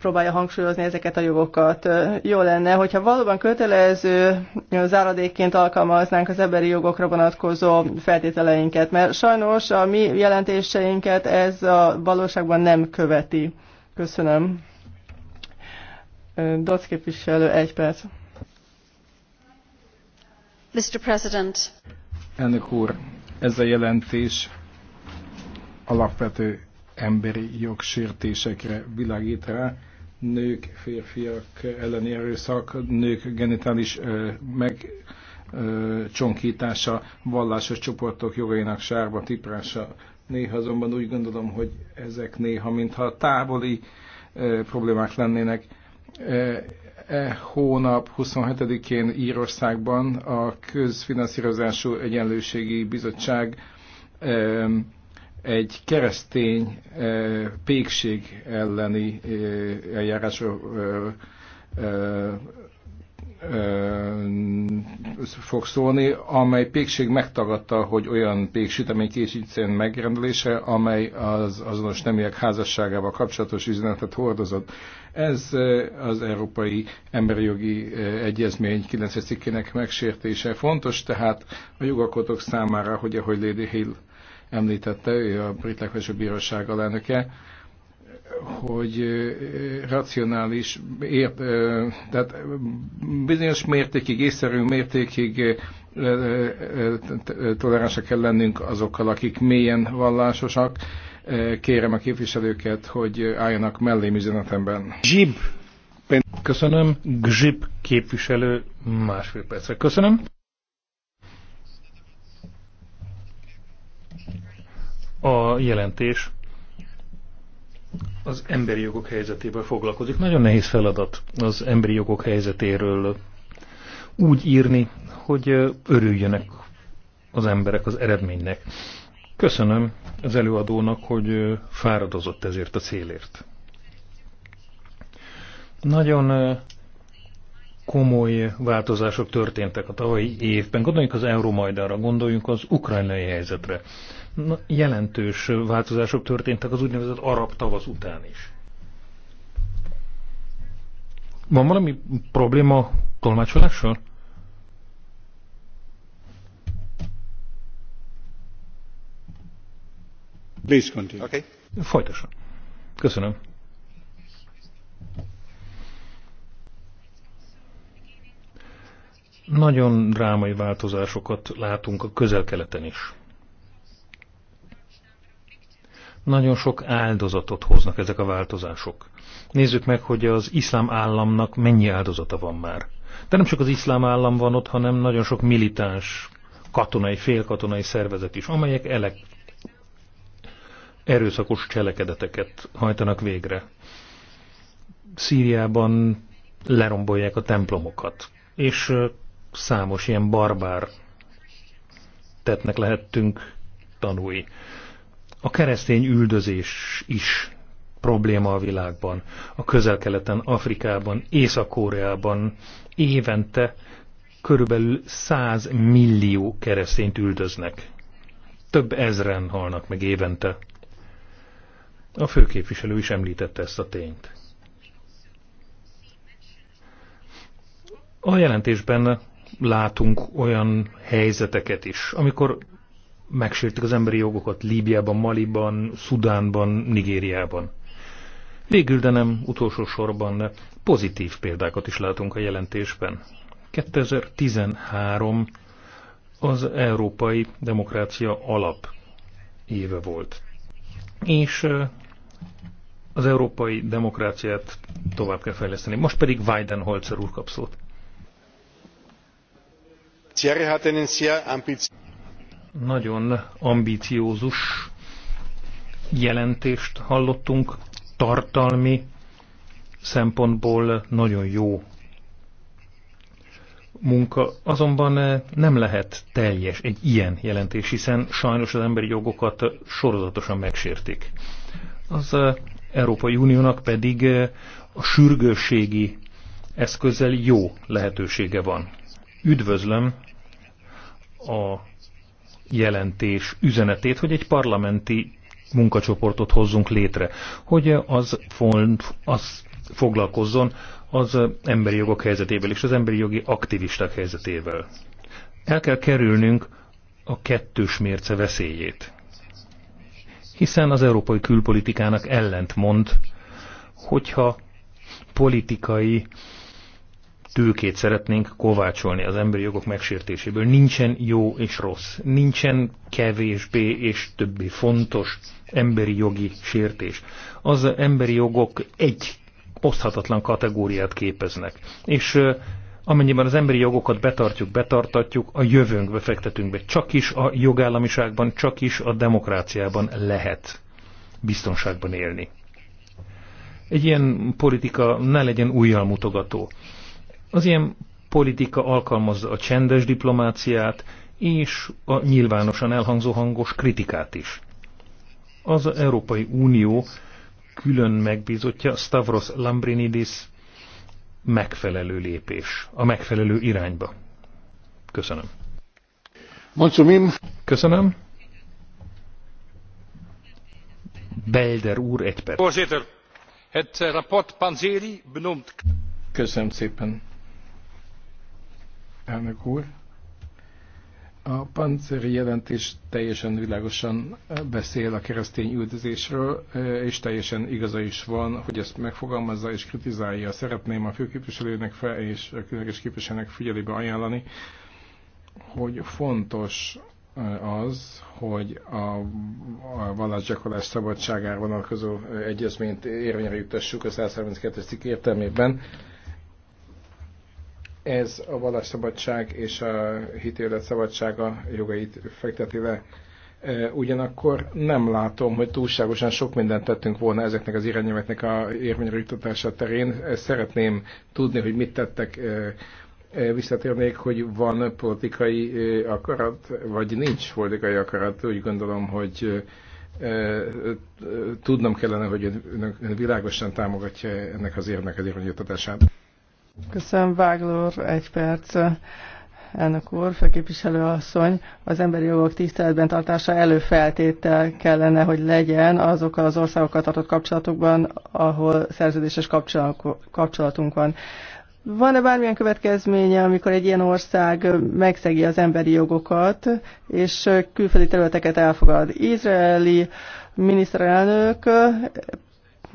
próbálja hangsúlyozni ezeket a jogokat. Jó lenne, hogyha valóban kötelező záradékként alkalmaznánk az emberi jogokra vonatkozó feltételeinket, mert sajnos a mi jelentéseinket ez a valóságban nem követi. Köszönöm. Docképviselő, egy perc. Mr. President. Elnök úr, ez a jelentés alapvető emberi jogsértésekre világít rá. Nők, férfiak elleni erőszak, nők genitális ö, meg csonkítása, vallásos csoportok jogainak sárba tiprása. Néha azonban úgy gondolom, hogy ezek néha, mintha távoli ö, problémák lennének e hónap 27-én Írországban a Közfinanszírozású Egyenlőségi Bizottság e, egy keresztény e, pékség elleni e, eljárásról fog szólni, amely pékség megtagadta, hogy olyan péksütemény készítszén megrendelése, amely az azonos neműek házasságával kapcsolatos üzenetet hordozott. Ez az Európai Emberi Jogi Egyezmény 9. cikkének megsértése. Fontos tehát a jogalkotók számára, hogy ahogy Lady Hill említette, ő a Brit Legfelsőbb Bíróság alelnöke, hogy racionális, ér, tehát bizonyos mértékig, észszerű mértékig toleránsak kell lennünk azokkal, akik mélyen vallásosak. Kérem a képviselőket, hogy álljanak mellém üzenetemben. Zsib. Köszönöm. Gzsib képviselő másfél percre. Köszönöm. A jelentés az emberi jogok helyzetével foglalkozik. Nagyon nehéz feladat az emberi jogok helyzetéről úgy írni, hogy örüljenek az emberek az eredménynek. Köszönöm az előadónak, hogy fáradozott ezért a célért. Nagyon komoly változások történtek a tavalyi évben. Gondoljunk az Euromajdára, gondoljunk az ukrajnai helyzetre jelentős változások történtek az úgynevezett arab tavasz után is. Van valami probléma tolmácsolással? Please continue. Okay. Folytasson. Köszönöm. Nagyon drámai változásokat látunk a közel-keleten is. Nagyon sok áldozatot hoznak ezek a változások. Nézzük meg, hogy az iszlám államnak mennyi áldozata van már. De nem csak az iszlám állam van ott, hanem nagyon sok militáns katonai, félkatonai szervezet is, amelyek elek erőszakos cselekedeteket hajtanak végre. Szíriában lerombolják a templomokat, és számos ilyen barbár tettnek lehettünk tanúi. A keresztény üldözés is probléma a világban, a közel-keleten, Afrikában, Észak-Koreában évente körülbelül 100 millió keresztényt üldöznek. Több ezren halnak meg évente. A főképviselő is említette ezt a tényt. A jelentésben látunk olyan helyzeteket is, amikor megsértik az emberi jogokat Líbiában, Maliban, Szudánban, Nigériában. Végül, de nem utolsó sorban pozitív példákat is látunk a jelentésben. 2013 az Európai Demokrácia Alap éve volt. És az európai demokráciát tovább kell fejleszteni. Most pedig Weidenholzer úr kap szót. Hát nagyon ambíciózus jelentést hallottunk, tartalmi szempontból nagyon jó munka, azonban nem lehet teljes egy ilyen jelentés, hiszen sajnos az emberi jogokat sorozatosan megsértik. Az eh, Európai Uniónak pedig eh, a sürgősségi eszközzel jó lehetősége van. Üdvözlöm a jelentés üzenetét, hogy egy parlamenti munkacsoportot hozzunk létre, hogy az, font, az foglalkozzon az emberi jogok helyzetével és az emberi jogi aktivisták helyzetével. El kell kerülnünk a kettős mérce veszélyét. Hiszen az európai külpolitikának ellentmond, hogyha politikai tőkét szeretnénk kovácsolni az emberi jogok megsértéséből. Nincsen jó és rossz, nincsen kevésbé és többi fontos emberi jogi sértés. Az emberi jogok egy oszthatatlan kategóriát képeznek. És amennyiben az emberi jogokat betartjuk, betartatjuk, a jövőnkbe fektetünk be. Csak is a jogállamiságban, csak is a demokráciában lehet biztonságban élni. Egy ilyen politika ne legyen újjal mutogató. Az ilyen politika alkalmazza a csendes diplomáciát és a nyilvánosan elhangzó hangos kritikát is. Az Európai Unió külön megbízottja Stavros Lambrinidis megfelelő lépés, a megfelelő irányba. Köszönöm. Mulțumim. Köszönöm. Belder úr, egy perc. rapport Panzeri Köszönöm szépen, elnök úr. A pancéri jelentés teljesen világosan beszél a keresztény üldözésről, és teljesen igaza is van, hogy ezt megfogalmazza és kritizálja. Szeretném a főképviselőnek fel és a különleges képviselőnek figyelébe ajánlani, hogy fontos eh, az, hogy a, a vallásgyakorlás szabadságára vonatkozó egyezményt érvényre jutassuk a 132. cikk értelmében ez a vallásszabadság és a hitélet szabadsága jogait fekteti le. E, ugyanakkor nem látom, hogy túlságosan sok mindent tettünk volna ezeknek az irányelveknek a érvényre jutatása terén. Szeretném tudni, hogy mit tettek e, e, visszatérnék, hogy van politikai akarat, vagy nincs politikai akarat. Úgy gondolom, hogy tudnom kellene, hogy ön világosan támogatja ennek az érnek az irányítatását. Köszönöm, Váglor, egy perc. Elnök úr, főképviselő asszony, az emberi jogok tiszteletben tartása előfeltétel kellene, hogy legyen azokkal az országokkal tartott kapcsolatokban, ahol szerződéses kapcsolatunk van. Van-e bármilyen következménye, amikor egy ilyen ország megszegi az emberi jogokat, és külföldi területeket elfogad? Izraeli miniszterelnök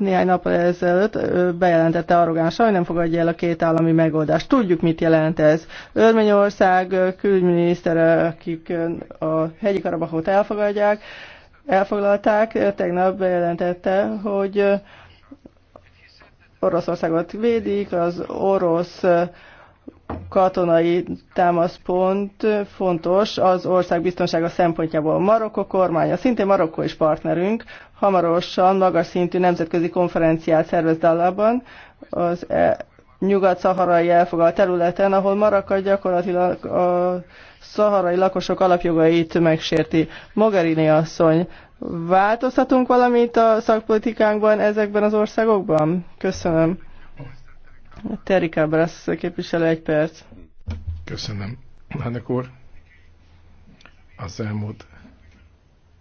néhány nap ezelőtt bejelentette arrogánsan, hogy nem fogadja el a két állami megoldást. Tudjuk, mit jelent ez. Örményország külügyminisztere, akik a hegyi karabahot elfogadják, elfoglalták, tegnap bejelentette, hogy Oroszországot védik, az orosz katonai támaszpont fontos az ország biztonsága szempontjából. Marokko kormánya, szintén Marokko is partnerünk, hamarosan magas szintű nemzetközi konferenciát szervez Dallában, az e nyugat-szaharai elfogadt területen, ahol Marokka gyakorlatilag a szaharai lakosok alapjogait megsérti. Mogherini asszony, változtatunk valamit a szakpolitikánkban ezekben az országokban? Köszönöm. Terry Cabras képviselő egy perc. Köszönöm. Elnök úr, az elmúlt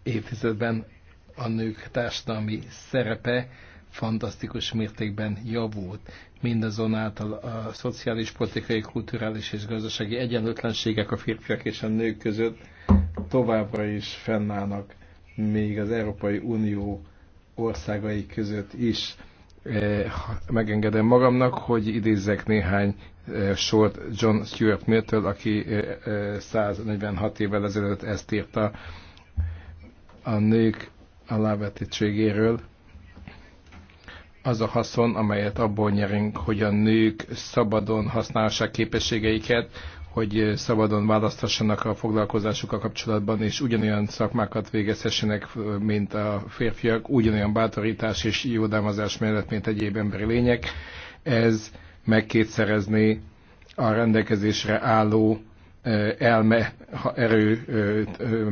évtizedben a nők társadalmi szerepe fantasztikus mértékben javult. Mindazonáltal a szociális, politikai, kulturális és gazdasági egyenlőtlenségek a férfiak és a nők között továbbra is fennállnak, még az Európai Unió országai között is Eh, megengedem magamnak, hogy idézzek néhány eh, sort John Stuart Mill-től, aki 146 eh, évvel ezelőtt ezt írta a nők alávetettségéről. Az a haszon, amelyet abból nyerünk, hogy a nők szabadon használhassák képességeiket, hogy szabadon választhassanak a foglalkozásukkal kapcsolatban, és ugyanolyan szakmákat végezhessenek, mint a férfiak, ugyanolyan bátorítás és jódámazás mellett, mint egyéb emberi lények. Ez megkétszerezné a rendelkezésre álló elme erő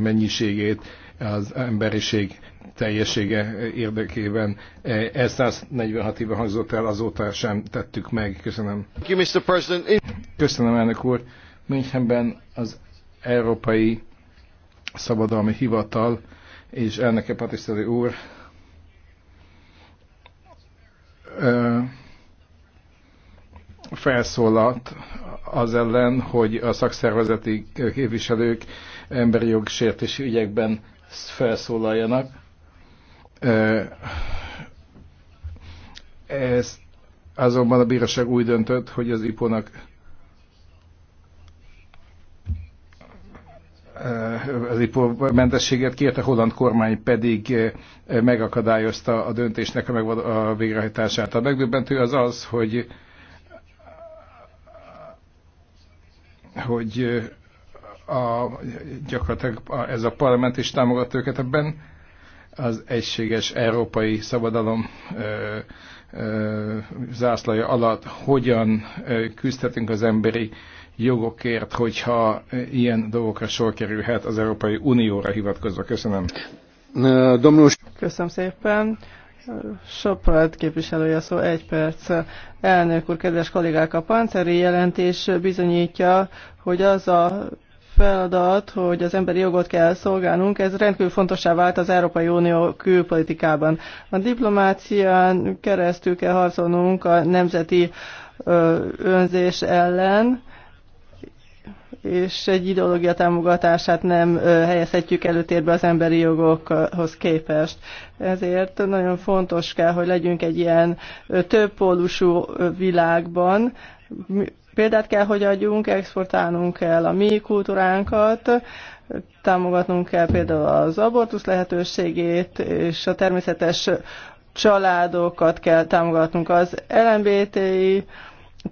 mennyiségét az emberiség teljessége érdekében. Ez e 146 éve hangzott el, azóta sem tettük meg. Köszönöm. Köszönöm, elnök úr. Münchenben az Európai Szabadalmi Hivatal és elnöke Patiszteli úr felszólalt az ellen, hogy a szakszervezeti képviselők emberi jogsértési ügyekben felszólaljanak. Ez azonban a bíróság úgy döntött, hogy az IPO-nak az mentességet kért, a holland kormány pedig eh, megakadályozta a döntésnek a, megvad- a végrehajtását. A megdöbbentő az az, hogy hogy eh, a, gyakorlatilag ez a parlament is támogat őket ebben, az egységes európai szabadalom ö, eh, ö, zászlaja alatt hogyan küzdhetünk az emberi jogokért, hogyha ilyen dolgokra sor kerülhet az Európai Unióra hivatkozva. Köszönöm. Domnus. Köszönöm szépen. Soprad képviselője szó, egy perc. Elnök úr, kedves kollégák, a panceri jelentés bizonyítja, hogy az a feladat, hogy az emberi jogot kell szolgálnunk, ez rendkívül fontosá vált az Európai Unió külpolitikában. A diplomácián keresztül kell harcolnunk a nemzeti önzés ellen, és egy ideológia támogatását nem helyezhetjük előtérbe az emberi jogokhoz képest. Ezért nagyon fontos kell, hogy legyünk egy ilyen többpólusú világban. Példát kell, hogy adjunk, exportálnunk kell a mi kultúránkat, támogatnunk kell például az abortusz lehetőségét, és a természetes családokat kell támogatnunk. Az LMBTI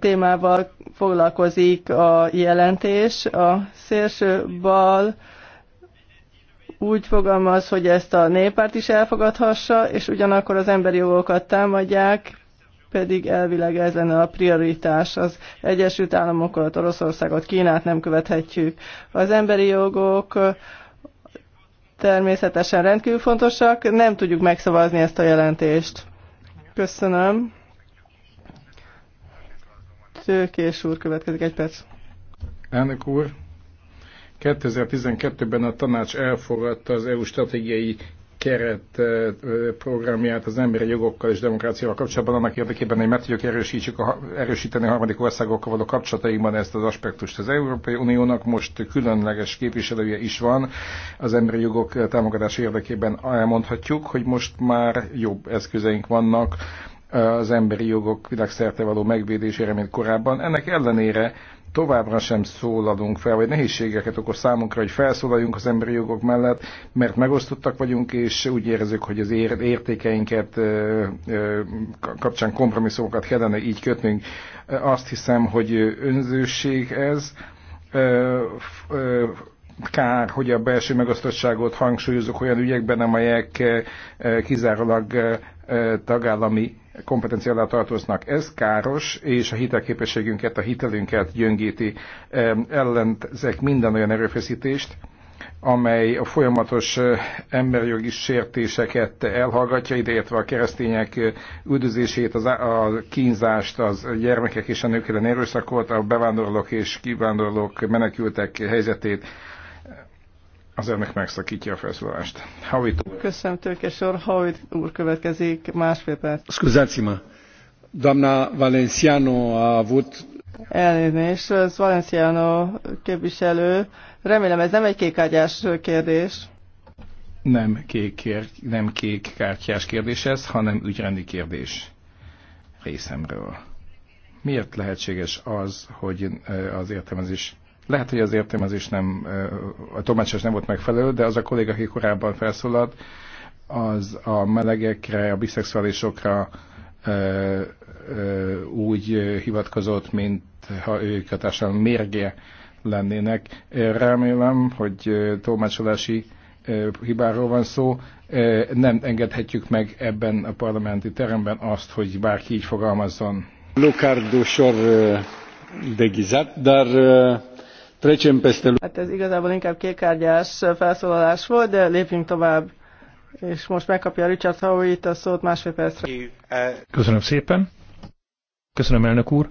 témával foglalkozik a jelentés. A szélső bal úgy fogalmaz, hogy ezt a néppárt is elfogadhassa, és ugyanakkor az emberi jogokat támadják, pedig elvileg ez lenne a prioritás. Az Egyesült Államokat, Oroszországot, Kínát nem követhetjük. Az emberi jogok természetesen rendkívül fontosak, nem tudjuk megszavazni ezt a jelentést. Köszönöm. Tőkés úr, következik egy perc. Elnök úr, 2012-ben a tanács elfogadta az EU stratégiai keret programját az emberi jogokkal és demokráciával kapcsolatban, annak érdekében, hogy meg tudjuk a, erősíteni a harmadik országokkal való kapcsolataikban ezt az aspektust. Az Európai Uniónak most különleges képviselője is van az emberi jogok támogatása érdekében. Elmondhatjuk, hogy most már jobb eszközeink vannak az emberi jogok világszerte való megvédésére, mint korábban. Ennek ellenére továbbra sem szólalunk fel, vagy nehézségeket okoz számunkra, hogy felszólaljunk az emberi jogok mellett, mert megosztottak vagyunk, és úgy érezzük, hogy az értékeinket kapcsán kompromisszumokat kellene így kötnünk. Azt hiszem, hogy önzőség ez. Kár, hogy a belső megosztottságot hangsúlyozok olyan ügyekben, amelyek kizárólag tagállami kompetencia alá tartoznak. Ez káros, és a hitelképességünket, a hitelünket gyöngíti. Eh, ellenzek minden olyan erőfeszítést, amely a folyamatos eh, emberjogi sértéseket elhallgatja, ideértve a keresztények eh, üldözését, az, a kínzást, az gyermekek és a nők ellen erőszakot, a bevándorlók és kivándorlók menekültek helyzetét, az ennek megszakítja a felszólalást. Havit úr. Köszönöm, Tőkés úr. Havit úr következik másfél perc. scuzați Damna Valenciano a avut... Elnézést, ez Valenciano képviselő. Remélem ez nem egy kékágyás kérdés. Nem kék, kér, nem kék kártyás kérdés ez, hanem ügyrendi kérdés részemről. Miért lehetséges az, hogy az értelmezés lehet, hogy az értelmezés nem, a tolmácsás nem volt megfelelő, de az a kolléga, aki korábban felszólalt, az a melegekre, a biszexuálisokra ö, ö, úgy hivatkozott, mint ha ők a társadalom mérge lennének. Remélem, hogy tolmácsolási hibáról van szó. Nem engedhetjük meg ebben a parlamenti teremben azt, hogy bárki így fogalmazzon. de deghizat, de. Trecem Hát ez igazából inkább kékárgyás felszólalás volt, de lépjünk tovább. És most megkapja Richard itt a szót másfél percre. Köszönöm szépen. Köszönöm, elnök úr.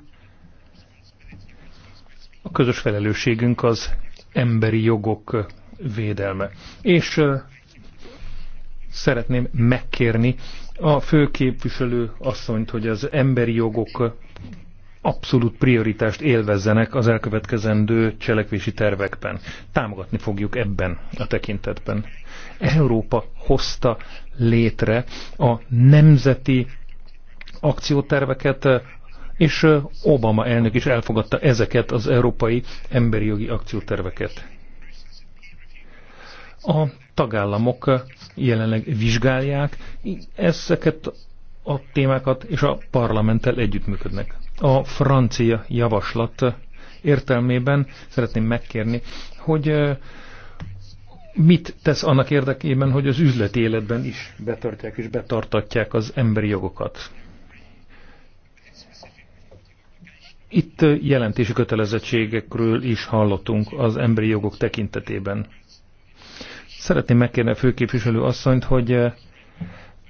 A közös felelősségünk az emberi jogok védelme. És szeretném megkérni a főképviselő asszonyt, hogy az emberi jogok abszolút prioritást élvezzenek az elkövetkezendő cselekvési tervekben. Támogatni fogjuk ebben a tekintetben. Európa hozta létre a nemzeti akcióterveket, és Obama elnök is elfogadta ezeket az európai emberi jogi akcióterveket. A tagállamok jelenleg vizsgálják ezeket a témákat, és a parlamenttel együttműködnek a francia javaslat értelmében szeretném megkérni, hogy mit tesz annak érdekében, hogy az üzleti életben is betartják és betartatják az emberi jogokat. Itt jelentési kötelezettségekről is hallottunk az emberi jogok tekintetében. Szeretném megkérni a főképviselő asszonyt, hogy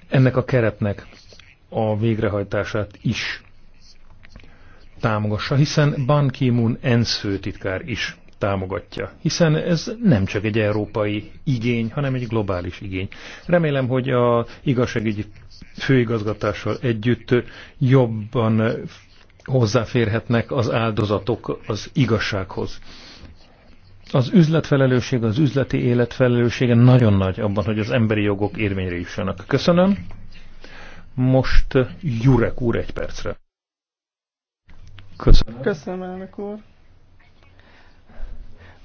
ennek a keretnek a végrehajtását is támogassa, hiszen Ban Ki-moon ENSZ főtitkár is támogatja, hiszen ez nem csak egy európai igény, hanem egy globális igény. Remélem, hogy a igazságügyi főigazgatással együtt jobban hozzáférhetnek az áldozatok az igazsághoz. Az üzletfelelősség, az üzleti életfelelőssége nagyon nagy abban, hogy az emberi jogok érvényre jussanak. Köszönöm. Most Jurek úr egy percre. Köszönöm. Köszönöm, elnök úr.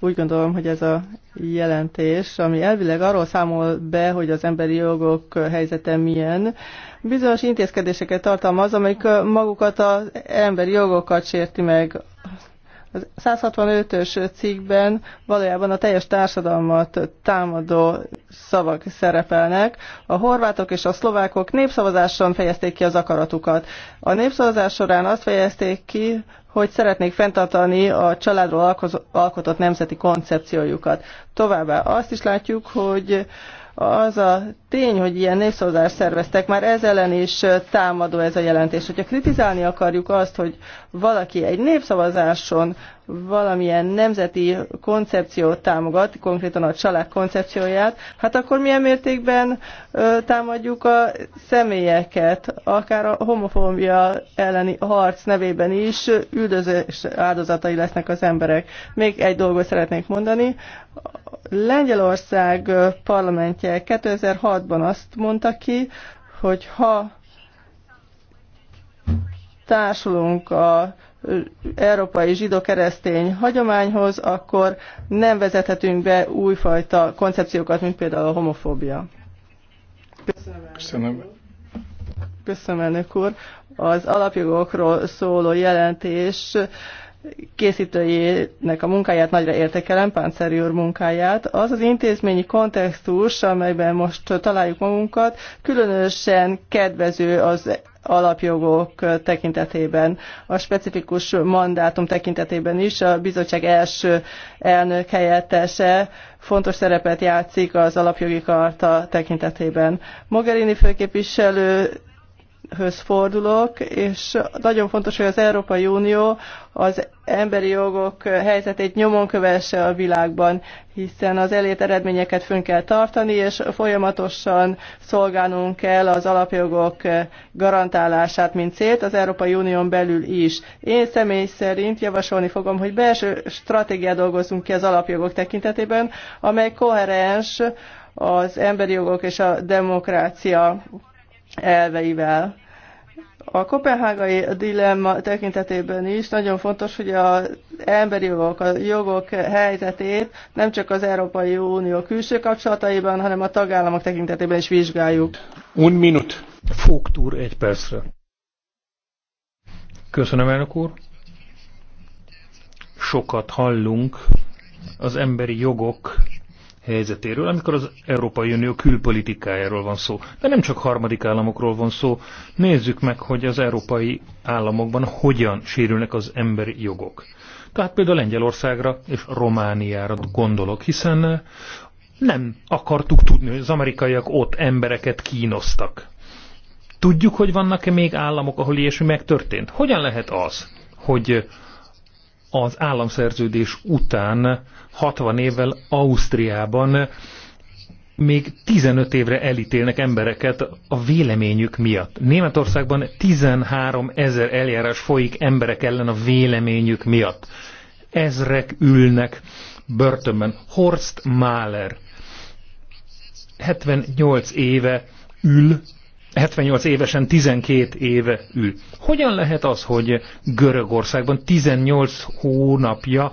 Úgy gondolom, hogy ez a jelentés, ami elvileg arról számol be, hogy az emberi jogok helyzete milyen, bizonyos intézkedéseket tartalmaz, amelyik magukat az emberi jogokat sérti meg 165-ös cikkben valójában a teljes társadalmat támadó szavak szerepelnek. A horvátok és a szlovákok népszavazáson fejezték ki az akaratukat. A népszavazás során azt fejezték ki, hogy szeretnék fenntartani a családról alkotott nemzeti koncepciójukat. Továbbá azt is látjuk, hogy az a tény, hogy ilyen népszavazást szerveztek, már ez ellen is támadó ez a jelentés. Hogyha kritizálni akarjuk azt, hogy valaki egy népszavazáson valamilyen nemzeti koncepciót támogat, konkrétan a család koncepcióját, hát akkor milyen mértékben ö, támadjuk a személyeket, akár a homofóbia elleni harc nevében is üldözés áldozatai lesznek az emberek. Még egy dolgot szeretnék mondani. Lengyelország parlamentje 2006-ban azt mondta ki, hogy ha társulunk a európai zsidó-keresztény hagyományhoz, akkor nem vezethetünk be újfajta koncepciókat, mint például a homofóbia. Köszönöm. Köszönöm. Köszönöm, elnök úr. Az alapjogokról szóló jelentés készítőjének a munkáját nagyra értékelem, Páncer úr munkáját. Az az intézményi kontextus, amelyben most találjuk magunkat, különösen kedvező az alapjogok tekintetében, a specifikus mandátum tekintetében is. A bizottság első elnök helyettese fontos szerepet játszik az alapjogi karta tekintetében. Mogherini főképviselő Höz fordulok, és nagyon fontos, hogy az Európai Unió az emberi jogok helyzetét nyomon kövesse a világban, hiszen az elért eredményeket fönn kell tartani, és folyamatosan szolgálnunk kell az alapjogok garantálását, mint célt az Európai Unión belül is. Én személy szerint javasolni fogom, hogy belső stratégiát dolgozzunk ki az alapjogok tekintetében, amely koherens az emberi jogok és a demokrácia elveivel. A kopenhágai dilemma tekintetében is nagyon fontos, hogy az emberi jogok, a jogok helyzetét nem csak az Európai Unió külső kapcsolataiban, hanem a tagállamok tekintetében is vizsgáljuk. Un minut. Fogtúr egy percre. Köszönöm, elnök úr. Sokat hallunk az emberi jogok helyzetéről, amikor az Európai Unió külpolitikájáról van szó. De nem csak harmadik államokról van szó. Nézzük meg, hogy az európai államokban hogyan sérülnek az emberi jogok. Tehát például Lengyelországra és Romániára gondolok, hiszen eh, nem akartuk tudni, hogy az amerikaiak ott embereket kínoztak. Tudjuk, hogy vannak-e még államok, ahol ilyesmi megtörtént? Hogyan lehet az, hogy az államszerződés után 60 évvel Ausztriában még 15 évre elítélnek embereket a véleményük miatt. Németországban 13 ezer eljárás folyik emberek ellen a véleményük miatt. Ezrek ülnek börtönben. Horst Mahler 78 éve ül, 78 évesen 12 éve ül. Hogyan lehet az, hogy Görögországban 18 hónapja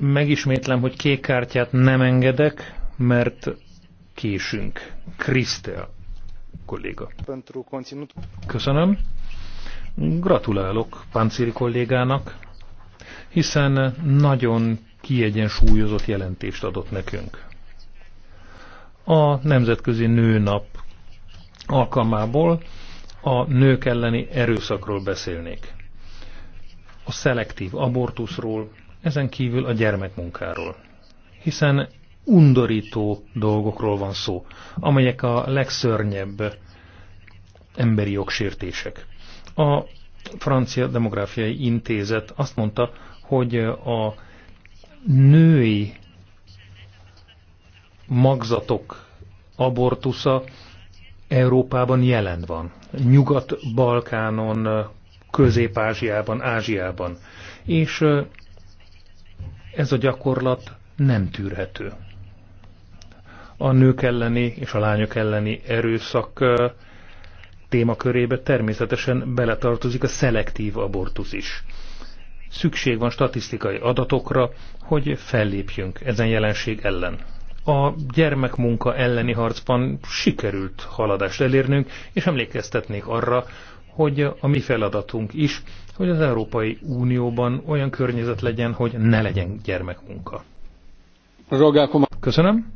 Megismétlem, hogy kék kártyát nem engedek, mert késünk. Krisztel kolléga. Köszönöm. Gratulálok Páncéli kollégának, hiszen nagyon kiegyensúlyozott jelentést adott nekünk. A Nemzetközi Nőnap alkalmából a nők elleni erőszakról beszélnék. A szelektív abortuszról, ezen kívül a gyermekmunkáról. Hiszen undorító dolgokról van szó, amelyek a legszörnyebb emberi jogsértések. A Francia Demográfiai Intézet azt mondta, hogy a női magzatok abortusza Európában jelen van. Nyugat-Balkánon, Közép-Ázsiában, Ázsiában. És ez a gyakorlat nem tűrhető. A nők elleni és a lányok elleni erőszak témakörébe természetesen beletartozik a szelektív abortusz is. Szükség van statisztikai adatokra, hogy fellépjünk ezen jelenség ellen. A gyermekmunka elleni harcban sikerült haladást elérnünk, és emlékeztetnék arra, hogy a mi feladatunk is, hogy az Európai Unióban olyan környezet legyen, hogy ne legyen gyermekmunka. Köszönöm.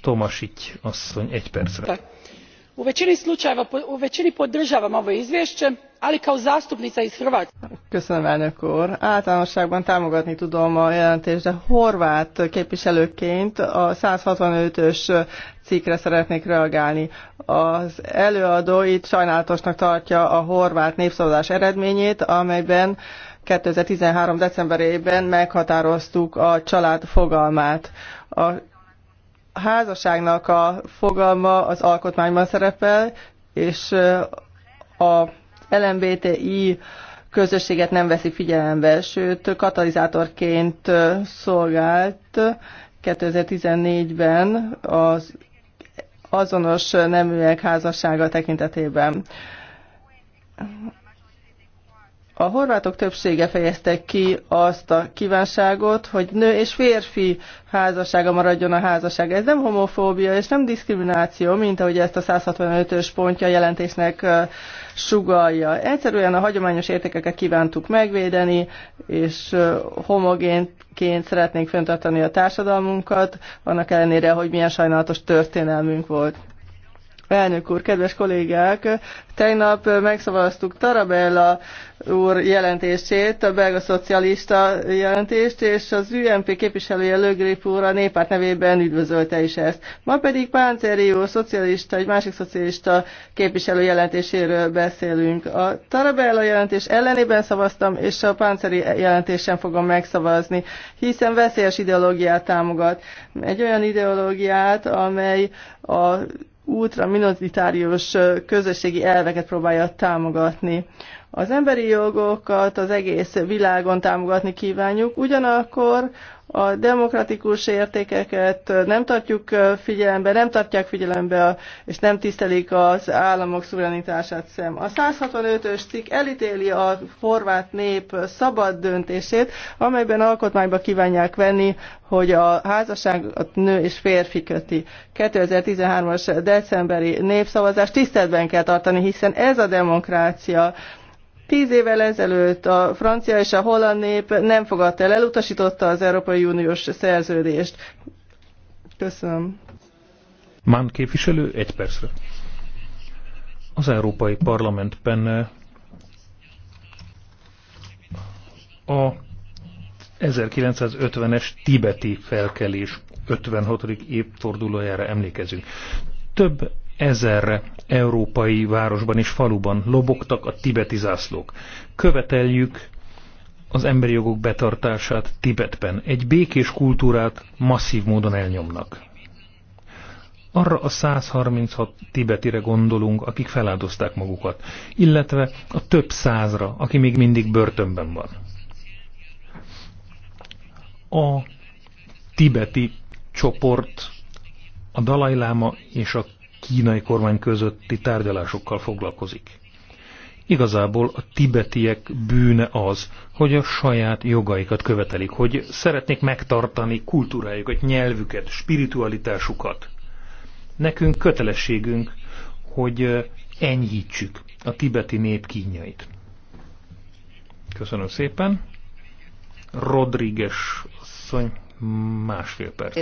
Tomasic asszony, egy percre u većini slučajeva podržavam ovo izvješće ali kao zastupnica iz köszönöm elnök úr általánosságban támogatni tudom a jelentést de horvát képviselőként a 165-ös cikkre szeretnék reagálni. Az előadó itt sajnálatosnak tartja a horvát népszavazás eredményét, amelyben 2013. decemberében meghatároztuk a család fogalmát. A házasságnak a fogalma az alkotmányban szerepel, és a LMBTI közösséget nem veszi figyelembe, sőt katalizátorként szolgált 2014-ben az azonos neműek házassága tekintetében. A horvátok többsége fejezte ki azt a kívánságot, hogy nő és férfi házassága maradjon a házasság. Ez nem homofóbia és nem diszkrimináció, mint ahogy ezt a 165-ös pontja jelentésnek sugalja. Egyszerűen a hagyományos értékeket kívántuk megvédeni, és homogénként szeretnénk fenntartani a társadalmunkat, annak ellenére, hogy milyen sajnálatos történelmünk volt. Elnök úr, kedves kollégák! Tegnap megszavaztuk Tarabella úr jelentését, a belga szocialista jelentést, és az UMP képviselője Lögrip úr a néppárt nevében üdvözölte is ezt. Ma pedig Pánceri úr, szocialista, egy másik szocialista képviselő jelentéséről beszélünk. A Tarabella jelentés ellenében szavaztam, és a Páncéri jelentésen fogom megszavazni, hiszen veszélyes ideológiát támogat. Egy olyan ideológiát, amely a útra minoritárius közösségi elveket próbálja támogatni. Az emberi jogokat az egész világon támogatni kívánjuk, ugyanakkor a demokratikus értékeket nem tartjuk figyelembe, nem tartják figyelembe, és nem tisztelik az államok szuverenitását sem. A 165-ös cikk elítéli a horvát nép szabad döntését, amelyben alkotmányba kívánják venni, hogy a házasságot nő és férfi köti. 2013-as decemberi népszavazást tiszteletben kell tartani, hiszen ez a demokrácia. Tíz évvel ezelőtt a francia és a holland nép nem fogadta el, elutasította az Európai Uniós szerződést. Köszönöm. Mán képviselő, egy percre. Az Európai Parlamentben eh, a 1950-es tibeti felkelés 56. évfordulójára emlékezünk. Több ezer európai városban és faluban lobogtak a tibeti zászlók. Követeljük az emberi jogok betartását Tibetben. Egy békés kultúrát masszív módon elnyomnak. Arra a 136 tibetire gondolunk, akik feláldozták magukat, illetve a több százra, aki még mindig börtönben van. A tibeti csoport a Dalai Lama és a kínai kormány közötti tárgyalásokkal foglalkozik. Igazából a tibetiek bűne az, hogy a saját jogaikat követelik, hogy szeretnék megtartani kultúrájukat, nyelvüket, spiritualitásukat. Nekünk kötelességünk, hogy enyhítsük a tibeti nép kínjait. Köszönöm szépen. Rodríguez asszony, másfél perc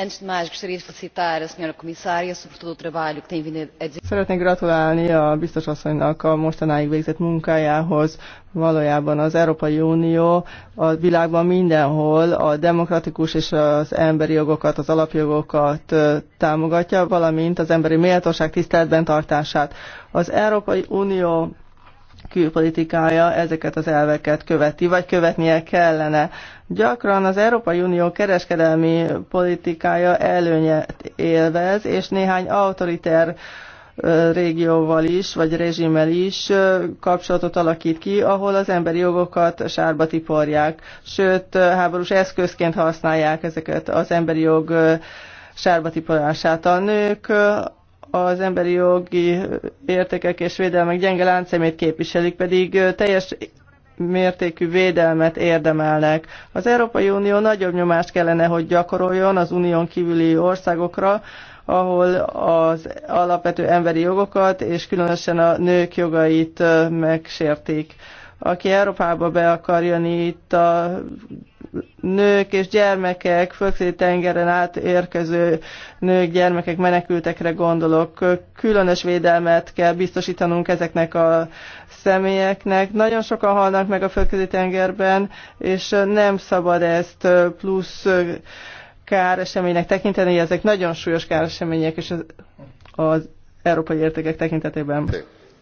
antes de mais gostaria de felicitar a senhora comissária sobre todo o trabalho que tem vindo a desenvolver. Szeretnék gratulálni a biztos asszonynak a mostanáig végzett munkájához. Valójában az Európai Unió a világban mindenhol a demokratikus és az emberi jogokat, az alapjogokat támogatja, valamint az emberi méltóság tiszteletben tartását. Az Európai Unió külpolitikája ezeket az elveket követi, vagy követnie kellene. Gyakran az Európai Unió kereskedelmi politikája előnyet élvez, és néhány autoriter régióval is, vagy rezsimmel is kapcsolatot alakít ki, ahol az emberi jogokat sárba tiporják, sőt háborús eszközként használják ezeket az emberi jog sárba tiporását. A nők az emberi jogi értékek és védelmek gyenge láncszemét képviselik, pedig teljes mértékű védelmet érdemelnek. Az Európai Unió nagyobb nyomást kellene, hogy gyakoroljon az unión kívüli országokra, ahol az alapvető emberi jogokat és különösen a nők jogait megsértik aki Európába be akar jönni, itt a nők és gyermekek, földközi tengeren át érkező nők, gyermekek, menekültekre gondolok. Különös védelmet kell biztosítanunk ezeknek a személyeknek. Nagyon sokan halnak meg a földközi tengerben, és nem szabad ezt plusz káreseménynek tekinteni, ezek nagyon súlyos káresemények, és az, az európai értékek tekintetében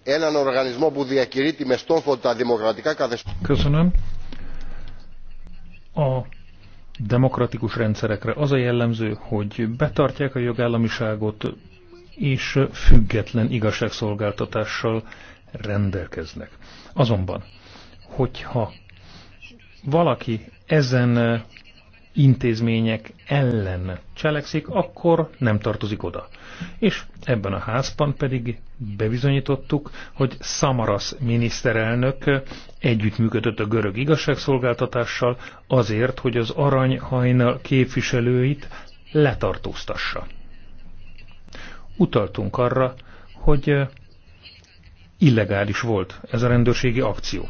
έναν οργανισμό που διακηρύττει με στόχο τα δημοκρατικά καθεστώτα. A demokratikus rendszerekre az a jellemző, hogy betartják a jogállamiságot és független igazságszolgáltatással rendelkeznek. Azonban, hogyha valaki ezen intézmények ellen cselekszik, akkor nem tartozik oda. És ebben a házban pedig bebizonyítottuk, hogy Samaras miniszterelnök együttműködött a görög igazságszolgáltatással azért, hogy az aranyhajnal képviselőit letartóztassa. Utaltunk arra, hogy illegális volt ez a rendőrségi akció,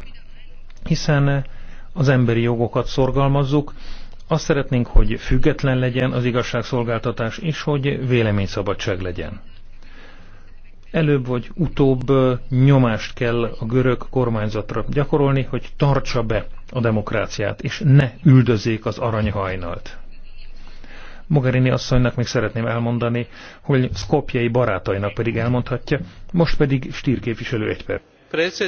hiszen az emberi jogokat szorgalmazzuk, azt szeretnénk, hogy független legyen az igazságszolgáltatás, és hogy véleményszabadság legyen. Előbb vagy utóbb nyomást kell a görög kormányzatra gyakorolni, hogy tartsa be a demokráciát, és ne üldözzék az aranyhajnalt. Mogherini asszonynak még szeretném elmondani, hogy Skopjei barátainak pedig elmondhatja, most pedig Stír képviselő egy perc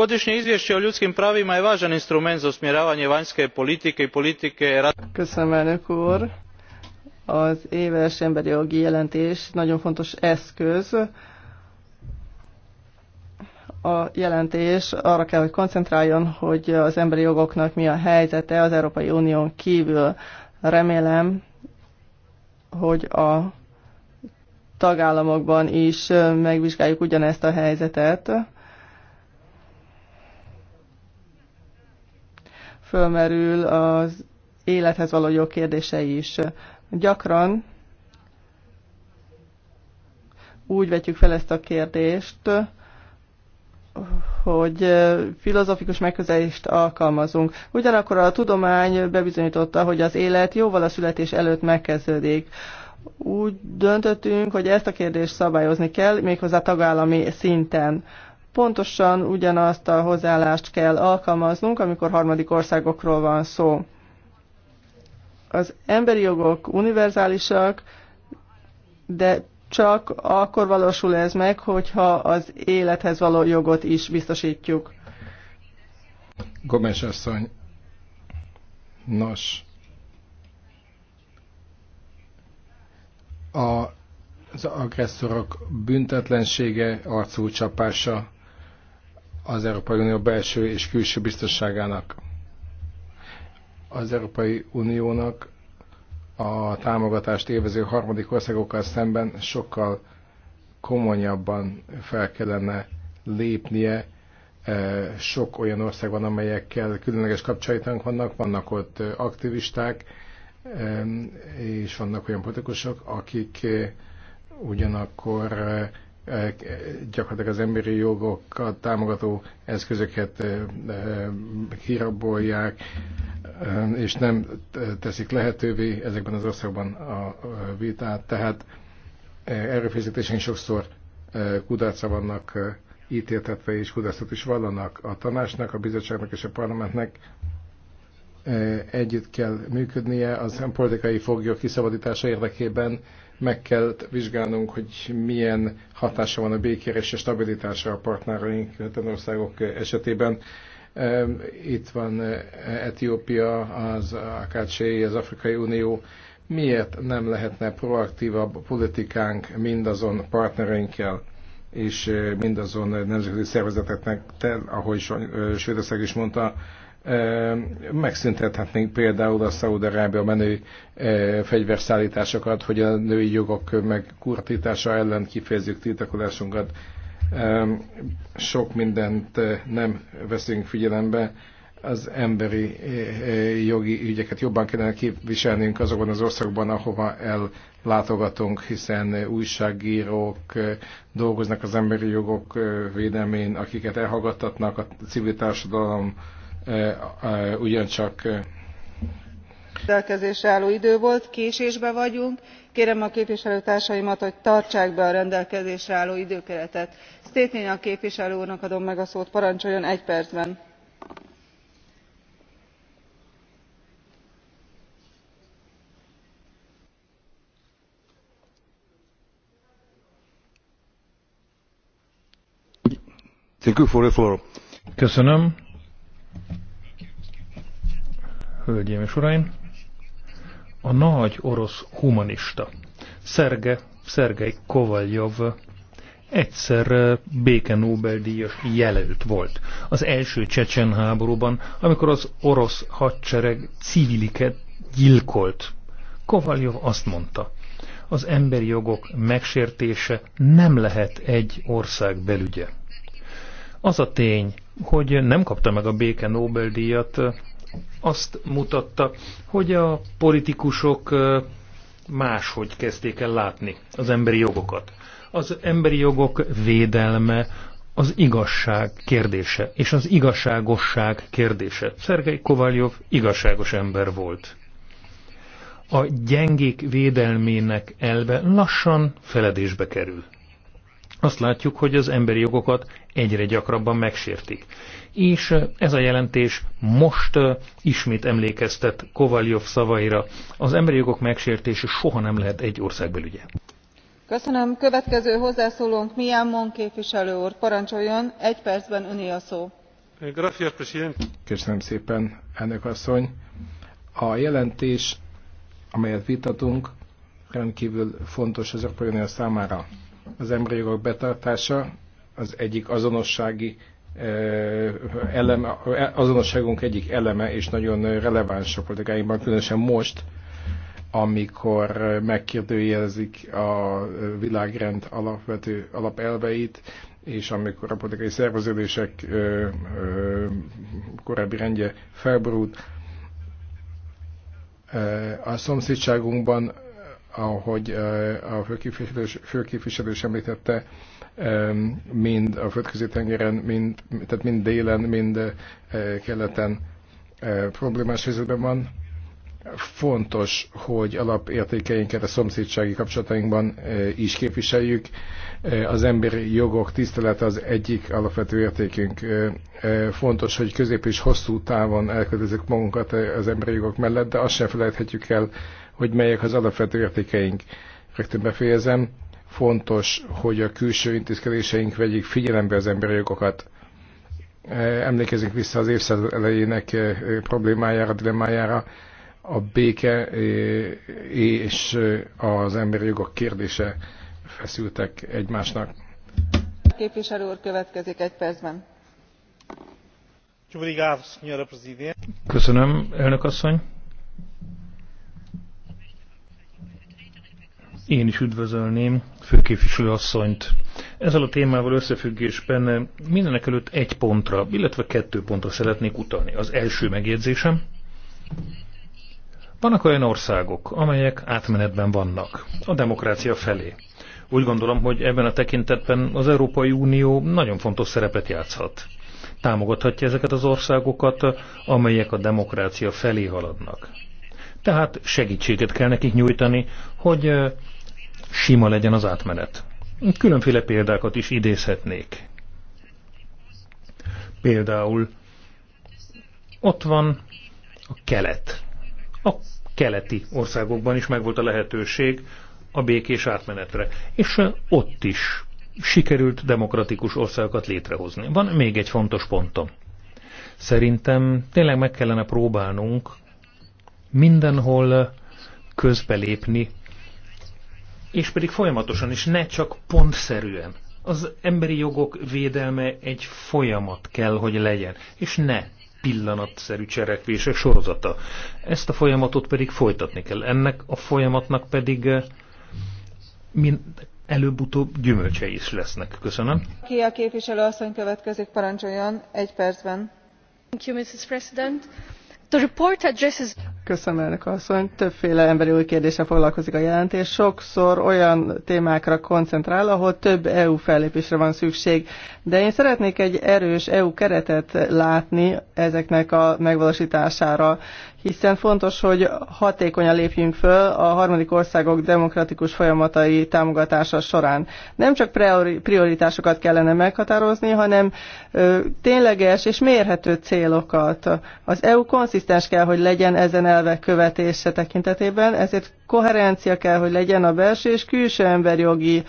godinje izvjee o ljudskim pravima je vaan instrument za usmjeravanje vanjske politike i politike. az emberi jogi jelentés nagyon fontos eszköz. A jelentés arra kell, hogy koncentráljon, hogy az emberi jogoknak mi a helyzete az Európai Unión kívül. Remélem, hogy a tagállamokban is megvizsgáljuk ugyanezt a helyzetet. fölmerül az élethez való jog kérdése is. Gyakran úgy vetjük fel ezt a kérdést, hogy filozofikus megközelést alkalmazunk. Ugyanakkor a tudomány bebizonyította, hogy az élet jóval a születés előtt megkezdődik. Úgy döntöttünk, hogy ezt a kérdést szabályozni kell, méghozzá tagállami szinten. Pontosan ugyanazt a hozzáállást kell alkalmaznunk, amikor harmadik országokról van szó. Az emberi jogok univerzálisak, de csak akkor valósul ez meg, hogyha az élethez való jogot is biztosítjuk. Gomes asszony, nos, a, az agresszorok büntetlensége, arcú csapása, az Európai Unió belső és külső biztonságának. Az Európai Uniónak a támogatást élvező harmadik országokkal szemben sokkal komolyabban fel kellene lépnie. E, sok olyan ország van, amelyekkel különleges kapcsolatunk vannak, vannak ott aktivisták, e, és vannak olyan politikusok, akik e, ugyanakkor E, gyakorlatilag az emberi jogokat támogató eszközöket e, e, kirabolják, és nem teszik lehetővé ezekben az országban a vitát. Tehát erőfeszítéseink sokszor kudarca vannak ítéltetve, és kudarcot is vallanak a tanácsnak, a bizottságnak és a parlamentnek. Együtt kell működnie az politikai foglyok kiszabadítása érdekében, meg kell vizsgálnunk, hogy milyen hatása van a békére és a stabilitásra a partnereink országok esetében. Itt van eh, Etiópia, az AKC, az Afrikai Unió. Miért nem lehetne proaktívabb politikánk mindazon partnereinkkel? és eh, mindazon nemzetközi szervezeteknek, ahogy eh, Svédország is mondta, megszüntethetnénk például a Szaúd-Arábia menő fegyverszállításokat, hogy a női jogok megkurtítása ellen kifejezzük tiltakozásunkat. Sok mindent nem veszünk figyelembe, az emberi jogi ügyeket jobban kellene képviselnünk azokban az országban, ahova ellátogatunk, hiszen újságírók dolgoznak az emberi jogok védelmén, akiket elhallgattatnak a civil társadalom ugyancsak rendelkezésre álló idő volt késésben vagyunk kérem a képviselőtársaimat hogy tartsák be a rendelkezésre álló időkeretet. stetina képviselő úrnak adom meg a szót parancsoljon egy percben! Köszönöm hölgyeim és uraim, a nagy orosz humanista, Szerge, Szergei Kovaljov egyszer béke Nobel-díjas jelölt volt. Az első Csecsen háborúban, amikor az orosz hadsereg civiliket gyilkolt. Kovaljov azt mondta, az emberi jogok megsértése nem lehet egy ország belügye. Az a tény, hogy nem kapta meg a béke Nobel-díjat, azt mutatta, hogy a politikusok máshogy kezdték el látni az emberi jogokat. Az emberi jogok védelme az igazság kérdése, és az igazságosság kérdése. Szergei Kovaljov igazságos ember volt. A gyengék védelmének elve lassan feledésbe kerül azt látjuk, hogy az emberi jogokat egyre gyakrabban megsértik. És ez a jelentés most ismét emlékeztet Kovaljov szavaira. Az emberi jogok megsértése soha nem lehet egy ország belügye. Köszönöm. Következő hozzászólónk Milyen Mon képviselő úr. Parancsoljon, egy percben öné a szó. Köszönöm szépen, elnök asszony. A jelentés, amelyet vitatunk, rendkívül fontos az Európai Unió számára az emberi jogok betartása az egyik azonossági eleme, azonosságunk egyik eleme, és nagyon releváns a politikáinkban, különösen most, amikor megkérdőjelezik a világrend alapvető alapelveit, és amikor a politikai szerveződések ö, ö, korábbi rendje felborult, a szomszédságunkban ahogy a főképviselő, főképviselő is említette, mind a földközi tengeren, mind, tehát mind délen, mind keleten problémás helyzetben van. Fontos, hogy alapértékeinket a szomszédsági kapcsolatainkban is képviseljük. Az emberi jogok tisztelete az egyik alapvető értékünk. Fontos, hogy közép és hosszú távon elkötelezzük magunkat az emberi jogok mellett, de azt sem felejthetjük el, hogy melyek az alapvető értékeink. Rögtön befejezem, fontos, hogy a külső intézkedéseink vegyék figyelembe az emberi jogokat. E, Emlékezünk vissza az évszázad elejének e, problémájára, dilemmájára, a béke e, és az emberi jogok kérdése feszültek egymásnak. Képviselő úr következik egy percben. Köszönöm, elnök asszony. Én is üdvözölném főképviselő asszonyt. Ezzel a témával összefüggésben mindenek előtt egy pontra, illetve kettő pontra szeretnék utalni. Az első megjegyzésem. Vannak olyan országok, amelyek átmenetben vannak, a demokrácia felé. Úgy gondolom, hogy ebben a tekintetben az Európai Unió nagyon fontos szerepet játszhat. Támogathatja ezeket az országokat, amelyek a demokrácia felé haladnak. Tehát segítséget kell nekik nyújtani, hogy sima legyen az átmenet. Különféle példákat is idézhetnék. Például ott van a kelet. A keleti országokban is megvolt a lehetőség a békés átmenetre. És ott is sikerült demokratikus országokat létrehozni. Van még egy fontos pontom. Szerintem tényleg meg kellene próbálnunk mindenhol közbelépni és pedig folyamatosan, és ne csak pontszerűen. Az emberi jogok védelme egy folyamat kell, hogy legyen, és ne pillanatszerű cselekvések sorozata. Ezt a folyamatot pedig folytatni kell. Ennek a folyamatnak pedig eh, előbb-utóbb gyümölcsei is lesznek. Köszönöm. Ki a képviselő asszony következik, parancsoljon egy percben. Thank you, Mrs. President. The report addresses... Köszönöm, elnök asszony. Többféle emberi új kérdése foglalkozik a jelentés. Sokszor olyan témákra koncentrál, ahol több EU fellépésre van szükség. De én szeretnék egy erős EU keretet látni ezeknek a megvalósítására, hiszen fontos, hogy hatékonyan lépjünk föl a harmadik országok demokratikus folyamatai támogatása során. Nem csak prioritásokat kellene meghatározni, hanem tényleges és mérhető célokat. Az EU konszisztens kell, hogy legyen ezen elvek követése tekintetében, ezért koherencia kell, hogy legyen a belső és külső emberjogi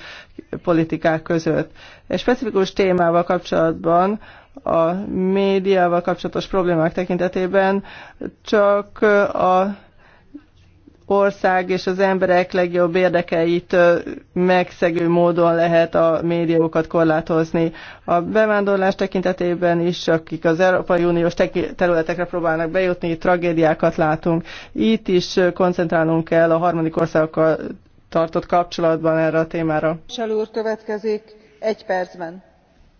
politikák között. Egy specifikus témával kapcsolatban a médiával kapcsolatos problémák tekintetében csak a ország és az emberek legjobb érdekeit megszegő módon lehet a médiókat korlátozni. A bevándorlás tekintetében is, akik az Európai Uniós területekre próbálnak bejutni, tragédiákat látunk. Itt is koncentrálnunk kell a harmadik országokkal tartott kapcsolatban erre a témára. Sel úr következik egy percben.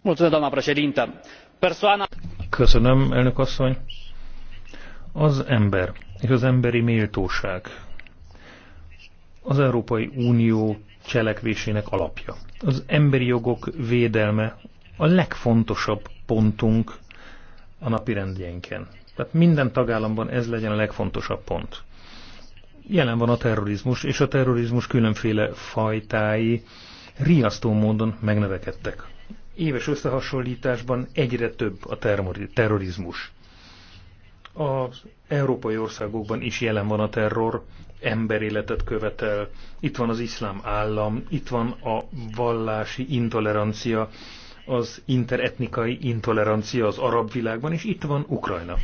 Mulțumesc, doamna președintă Köszönöm, elnök asszony. Az ember és az emberi méltóság az Európai Unió cselekvésének alapja. Az emberi jogok védelme a legfontosabb pontunk a napi rendjénken. Tehát minden tagállamban ez legyen a legfontosabb pont. Jelen van a terrorizmus, és a terrorizmus különféle fajtái riasztó módon megnevekedtek éves összehasonlításban egyre több a terrorizmus. Az európai országokban is jelen van a terror, emberéletet követel, itt van az iszlám állam, itt van a vallási intolerancia, az interetnikai intolerancia az arab világban, és itt van Ukrajna.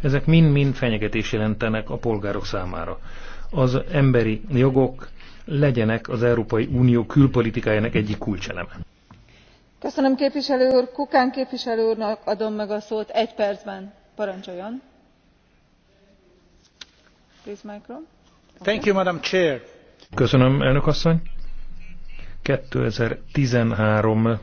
Ezek mind-mind fenyegetés jelentenek a polgárok számára. Az emberi jogok legyenek az Európai Unió külpolitikájának egyik kulcseleme köszönöm képviselő úr! kukan képviselő úrnak adom meg a szót egy percben parancsoljon! two thousand and thirteen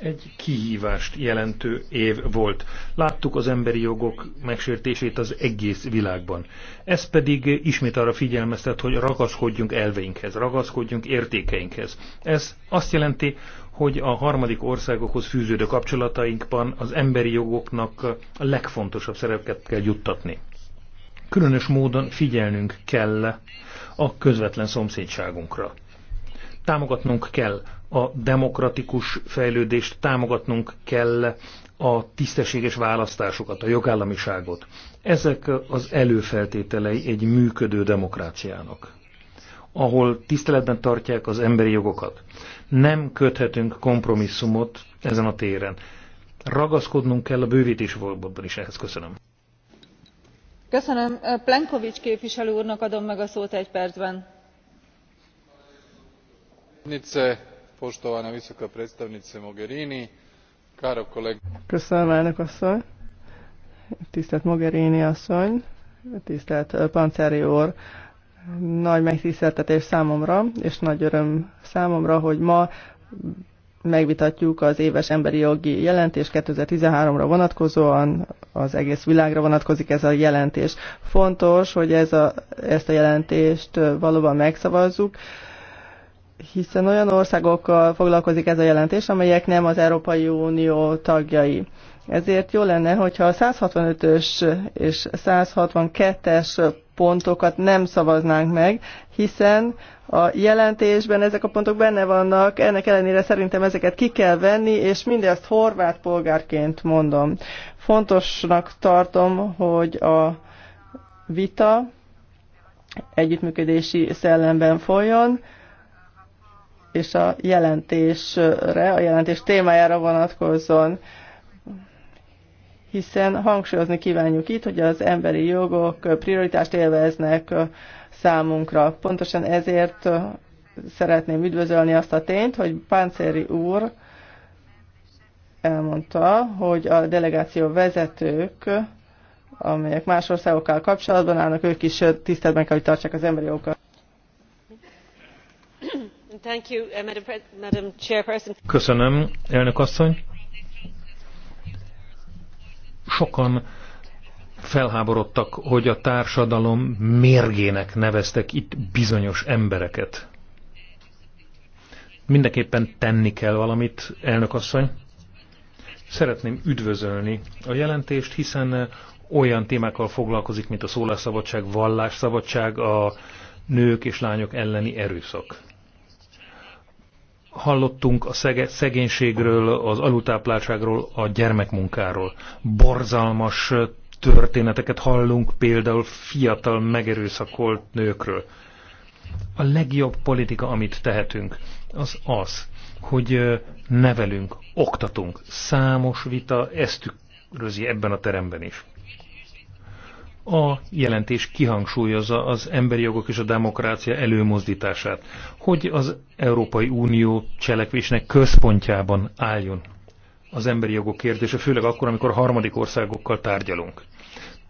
egy kihívást jelentő év volt. Láttuk az emberi jogok megsértését az egész világban. Ez pedig ismét arra figyelmeztet, hogy ragaszkodjunk elveinkhez, ragaszkodjunk értékeinkhez. Ez azt jelenti, hogy a harmadik országokhoz fűződő kapcsolatainkban az emberi jogoknak a legfontosabb szerepet kell juttatni. Különös módon figyelnünk kell a közvetlen szomszédságunkra. Támogatnunk kell a demokratikus fejlődést, támogatnunk kell a tisztességes választásokat, a jogállamiságot. Ezek az előfeltételei egy működő demokráciának, ahol tiszteletben tartják az emberi jogokat. Nem köthetünk kompromisszumot ezen a téren. Ragaszkodnunk kell a bővítés volgóban is ehhez. Köszönöm. Köszönöm. Plenkovics képviselő úrnak adom meg a szót egy percben. Nice poštovana visoka predstavnice mogherini caro collega köszönöm elnök asszony tisztelt mogherini asszony tisztelt eh, panceri úr nagy megtiszteltetés számomra és nagy öröm számomra hogy ma megvitatjuk az éves emberi jogi jelentés 2013-ra vonatkozóan, az egész világra vonatkozik ez a jelentés. Fontos, hogy ez a, ezt a jelentést eh, valóban megszavazzuk, hiszen olyan országokkal foglalkozik ez a jelentés, amelyek nem az Európai Unió tagjai. Ezért jó lenne, hogyha a 165-ös és 162-es pontokat nem szavaznánk meg, hiszen a jelentésben ezek a pontok benne vannak, ennek ellenére szerintem ezeket ki kell venni, és mindezt horvát polgárként mondom. Fontosnak tartom, hogy a vita együttműködési szellemben folyjon, és a jelentésre, a jelentés témájára vonatkozzon, hiszen hangsúlyozni kívánjuk itt, hogy az emberi jogok prioritást élveznek számunkra. Pontosan ezért szeretném üdvözölni azt a tényt, hogy Páncéri úr elmondta, hogy a delegáció vezetők, amelyek más országokkal kapcsolatban állnak, ők is tiszteletben kell, hogy tartsák az emberi jogokat. Uh, Köszönöm, elnök asszony. Sokan felháborodtak, hogy a társadalom mérgének neveztek itt bizonyos embereket. Mindenképpen tenni kell valamit, elnök asszony. Szeretném üdvözölni a jelentést, hiszen uh, olyan témákkal foglalkozik, mint a szólásszabadság, vallásszabadság, a nők és lányok elleni erőszak. Hallottunk a szegénységről, az alultápláltságról, a gyermekmunkáról. Borzalmas történeteket hallunk például fiatal megerőszakolt nőkről. A legjobb politika, amit tehetünk, az az, hogy nevelünk, oktatunk. Számos vita ezt tükrözi ebben a teremben is a jelentés kihangsúlyozza az emberi jogok és a demokrácia előmozdítását, hogy az Európai Unió cselekvésnek központjában álljon az emberi jogok kérdése, főleg akkor, amikor harmadik országokkal tárgyalunk.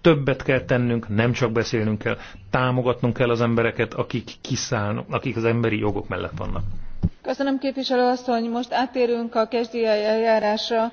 Többet kell tennünk, nem csak beszélnünk kell, támogatnunk kell az embereket, akik kiszállnak, akik az emberi jogok mellett vannak. Köszönöm képviselő asszony, most átérünk a kezdi eljárásra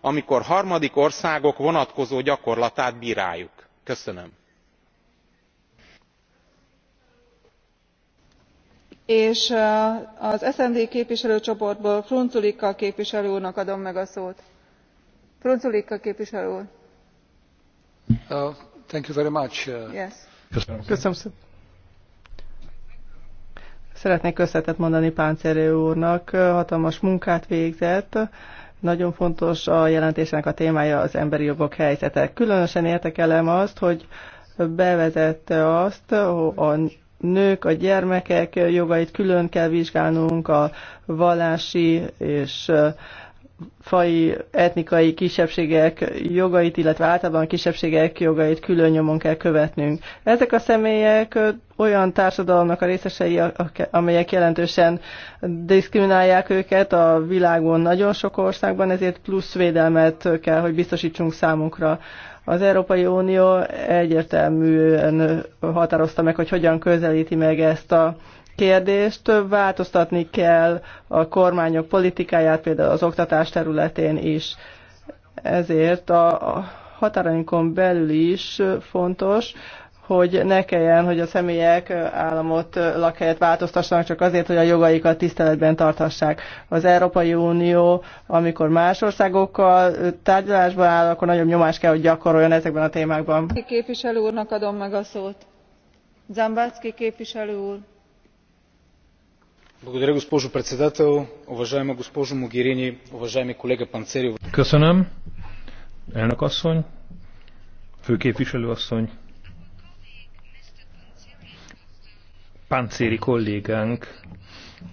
amikor harmadik országok vonatkozó gyakorlatát bráljuk. köszönöm. és az sd képviselőcsoportból frunzulic képviselő úrnak adom meg a szót. frunzulic képviselő úr! Uh, thank you very much. Uh, yes. Köszönöm. Szeretnék köszönetet mondani Páncélő úrnak, hatalmas munkát végzett nagyon fontos a jelentésnek a témája az emberi jogok helyzete. Különösen értekelem azt, hogy bevezette azt, hogy a nők, a gyermekek jogait külön kell vizsgálnunk, a vallási és fai, etnikai kisebbségek jogait, illetve általában a kisebbségek jogait külön nyomon kell követnünk. Ezek a személyek olyan társadalomnak a részesei, amelyek jelentősen diszkriminálják őket a világon nagyon sok országban, ezért plusz védelmet kell, hogy biztosítsunk számukra. Az Európai Unió egyértelműen határozta meg, hogy hogyan közelíti meg ezt a több változtatni kell a kormányok politikáját, például az oktatás területén is. Ezért a határainkon belül is fontos, hogy ne kelljen, hogy a személyek államot, lakhelyet változtassanak csak azért, hogy a jogaikat tiszteletben tarthassák. Az Európai Unió, amikor más országokkal tárgyalásban áll, akkor nagyobb nyomást kell, hogy gyakoroljon ezekben a témákban. Képviselő úrnak adom meg a szót. Zambácki képviselő úr. Благодаря, госпожо председател, уважаема госпожо Могерини, уважаеми колега Панцери.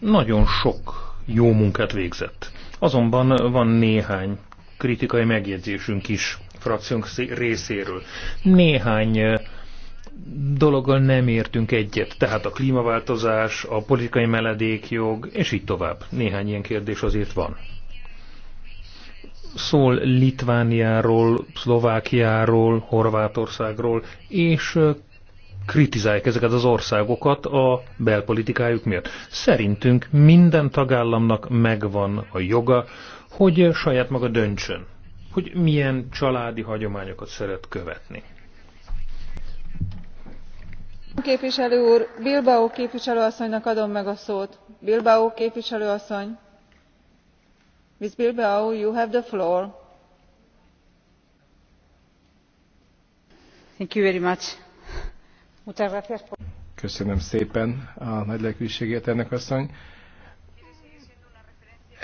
nagyon sok jó munkát végzett. Azonban van néhány kritikai megjegyzésünk is frakciónk részéről. Néhány dologgal nem értünk egyet. Tehát a klímaváltozás, a politikai meledékjog, és így tovább. Néhány ilyen kérdés azért van. Szól Litvániáról, Szlovákiáról, Horvátországról, és kritizálják ezeket az országokat a belpolitikájuk miatt. Szerintünk minden tagállamnak megvan a joga, hogy saját maga döntsön, hogy milyen családi hagyományokat szeret követni képviselő úr bilbao képviselő asszonynak adom meg a szót. bilbao képviselő asszony ms bilbao you have the floor. köszönöm szépen a nagylelkűségét elnök asszony!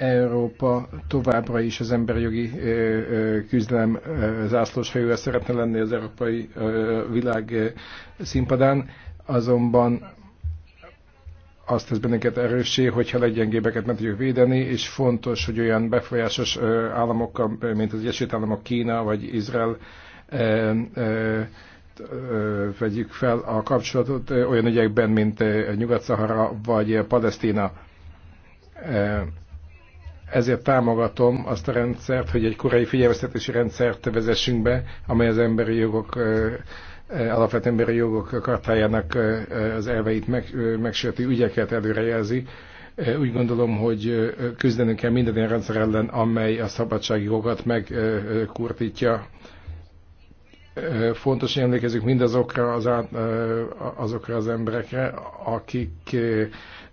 Európa továbbra is az emberi jogi küzdelem zászlóshajója szeretne lenni az európai világ színpadán, azonban azt tesz bennünket erőssé, hogyha leggyengébbeket meg tudjuk védeni, és fontos, hogy olyan befolyásos államokkal, mint az Egyesült Államok, Kína vagy Izrael vegyük fel a kapcsolatot olyan ügyekben, mint Nyugat-Szahara vagy Palesztina ezért támogatom azt a rendszert, hogy egy korai figyelmeztetési rendszert vezessünk be, amely az emberi jogok, alapvető emberi jogok kartájának az elveit meg, megsérti ügyeket előrejelzi. Úgy gondolom, hogy küzdenünk kell minden ilyen rendszer ellen, amely a szabadsági jogokat megkurtítja. Fontos, hogy emlékezzük mindazokra az, azokra az emberekre, akik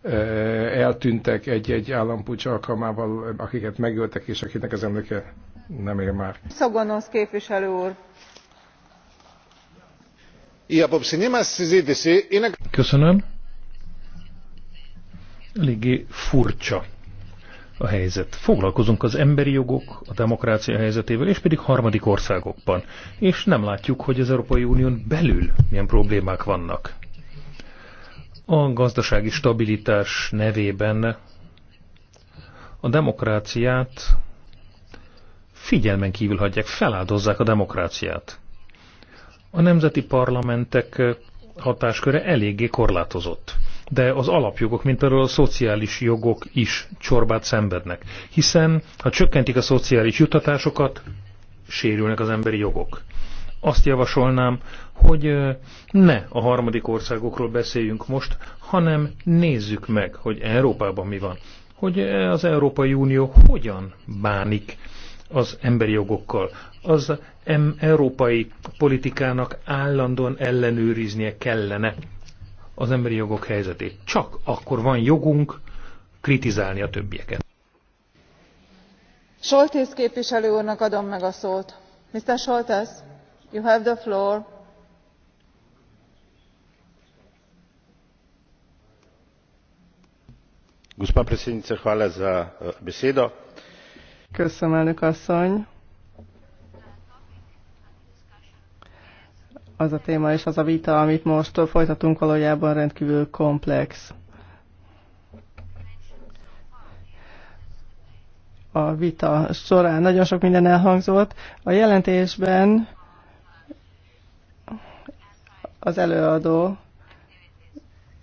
eltűntek egy-egy állampucs alkalmával, akiket megöltek, és akinek az emléke nem él már. Szogonosz képviselő úr. Köszönöm. Eléggé furcsa a helyzet. Foglalkozunk az emberi jogok, a demokrácia helyzetével, és pedig harmadik országokban. És nem látjuk, hogy az Európai Unión belül milyen problémák vannak a gazdasági stabilitás nevében a demokráciát figyelmen kívül hagyják, feláldozzák a demokráciát. A nemzeti parlamentek hatásköre eléggé korlátozott, de az alapjogok, mint például a szociális jogok is csorbát szenvednek, hiszen ha csökkentik a szociális juttatásokat, sérülnek az emberi jogok. Azt javasolnám, hogy ne a harmadik országokról beszéljünk most, hanem nézzük meg, hogy Európában mi van, hogy az Európai Unió hogyan bánik az emberi jogokkal. Az európai politikának állandóan ellenőriznie kellene az emberi jogok helyzetét. Csak akkor van jogunk kritizálni a többieket. Soltész képviselő úrnak adom meg a szót. Mr. Soltész, you have the floor. Eh, köszönöm az a téma és az a vita, amit most folytatunk, valójában rendkívül komplex. A vita során nagyon sok minden elhangzott. A jelentésben az előadó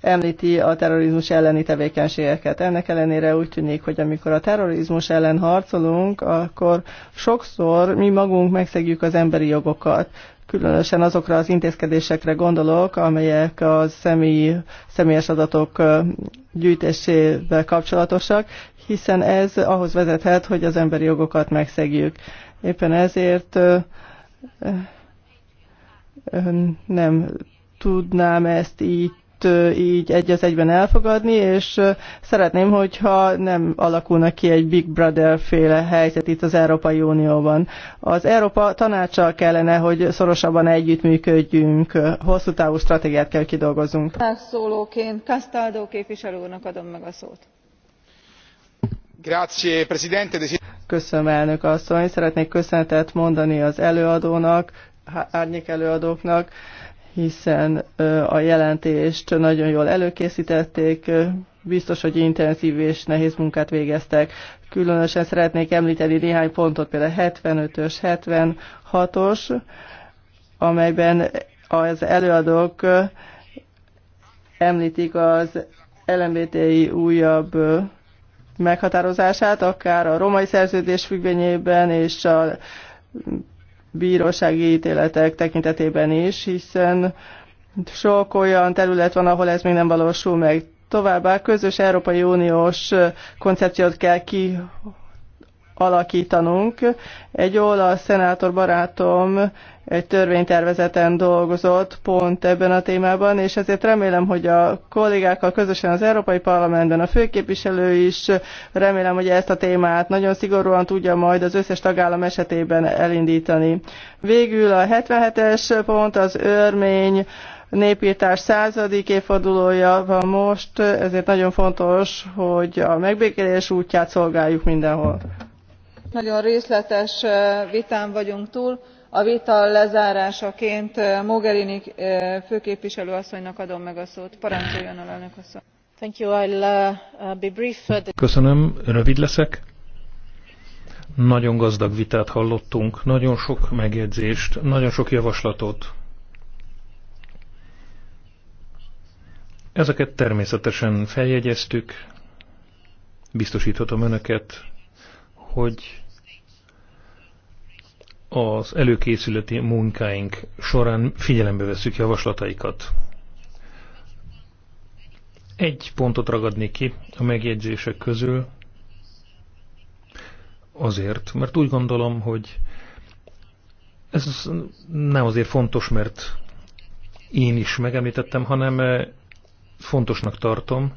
említi a terrorizmus elleni tevékenységeket. Ennek ellenére úgy tűnik, hogy amikor a terrorizmus ellen harcolunk, akkor sokszor mi magunk megszegjük az emberi jogokat. Különösen azokra az intézkedésekre gondolok, amelyek a személyi, személyes adatok gyűjtésével kapcsolatosak, hiszen ez ahhoz vezethet, hogy az emberi jogokat megszegjük. Éppen ezért nem tudnám ezt így így egy az egyben elfogadni, és szeretném, hogyha nem alakulna ki egy Big Brother féle helyzet itt az Európai Unióban. Az Európa tanácsal kellene, hogy szorosabban együttműködjünk, hosszú távú stratégiát kell kidolgozunk. Szólóként Castaldo képviselő úrnak adom meg a szót. Köszönöm, elnök asszony. Szeretnék köszönetet mondani az előadónak, árnyék előadóknak hiszen a jelentést nagyon jól előkészítették, biztos, hogy intenzív és nehéz munkát végeztek. Különösen szeretnék említeni néhány pontot, például 75-ös, 76-os, amelyben az előadók említik az LMBTI újabb meghatározását, akár a romai szerződés függvényében és a bírósági ítéletek tekintetében is, hiszen sok olyan terület van, ahol ez még nem valósul meg. Továbbá közös Európai Uniós koncepciót kell ki alakítanunk. Egy olasz szenátor barátom egy törvénytervezeten dolgozott pont ebben a témában, és ezért remélem, hogy a kollégákkal közösen az Európai Parlamentben a főképviselő is, remélem, hogy ezt a témát nagyon szigorúan tudja majd az összes tagállam esetében elindítani. Végül a 77-es pont az örmény népírtás századik évfordulója van most, ezért nagyon fontos, hogy a megbékélés útját szolgáljuk mindenhol nagyon részletes vitán vagyunk túl a vita lezárásaként mogherini főképviselő asszonynak adom meg a szót. parancsoljon alelnök asszony! Uh, uh, köszönöm rövid leszek. nagyon gazdag vitát hallottunk nagyon sok megjegyzést nagyon sok javaslatot. ezeket természetesen feljegyeztük biztosíthatom önöket hogy az előkészületi munkáink során figyelembe veszük javaslataikat. Egy pontot ragadni ki a megjegyzések közül, azért, mert úgy gondolom, hogy ez nem azért fontos, mert én is megemlítettem, hanem fontosnak tartom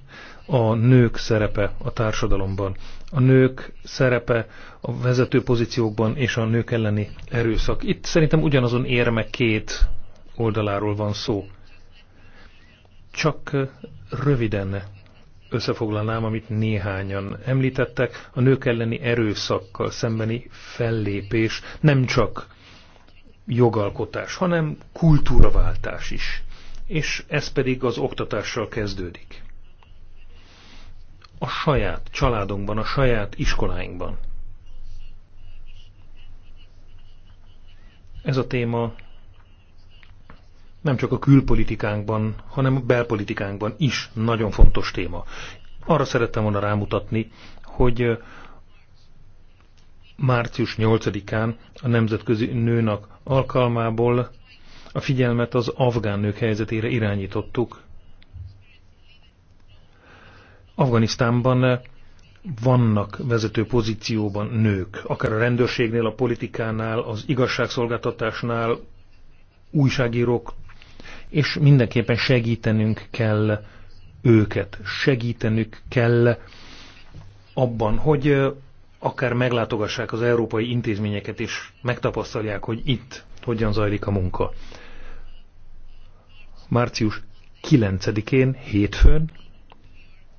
a nők szerepe a társadalomban. A nők szerepe a vezető pozíciókban és a nők elleni erőszak. Itt szerintem ugyanazon érme két oldaláról van szó. Csak röviden összefoglalnám, amit néhányan említettek, a nők elleni erőszakkal szembeni fellépés nem csak jogalkotás, hanem kultúraváltás is és ez pedig az oktatással kezdődik. A saját családunkban, a saját iskoláinkban. Ez a téma nem csak a külpolitikánkban, hanem a belpolitikánkban is nagyon fontos téma. Arra szerettem volna rámutatni, hogy március 8-án a Nemzetközi Nőnak alkalmából a figyelmet az afgán nők helyzetére irányítottuk. Afganisztánban vannak vezető pozícióban nők, akár a rendőrségnél, a politikánál, az igazságszolgáltatásnál, újságírók, és mindenképpen segítenünk kell őket, segítenünk kell abban, hogy akár meglátogassák az európai intézményeket, és megtapasztalják, hogy itt hogyan zajlik a munka március 9-én, hétfőn,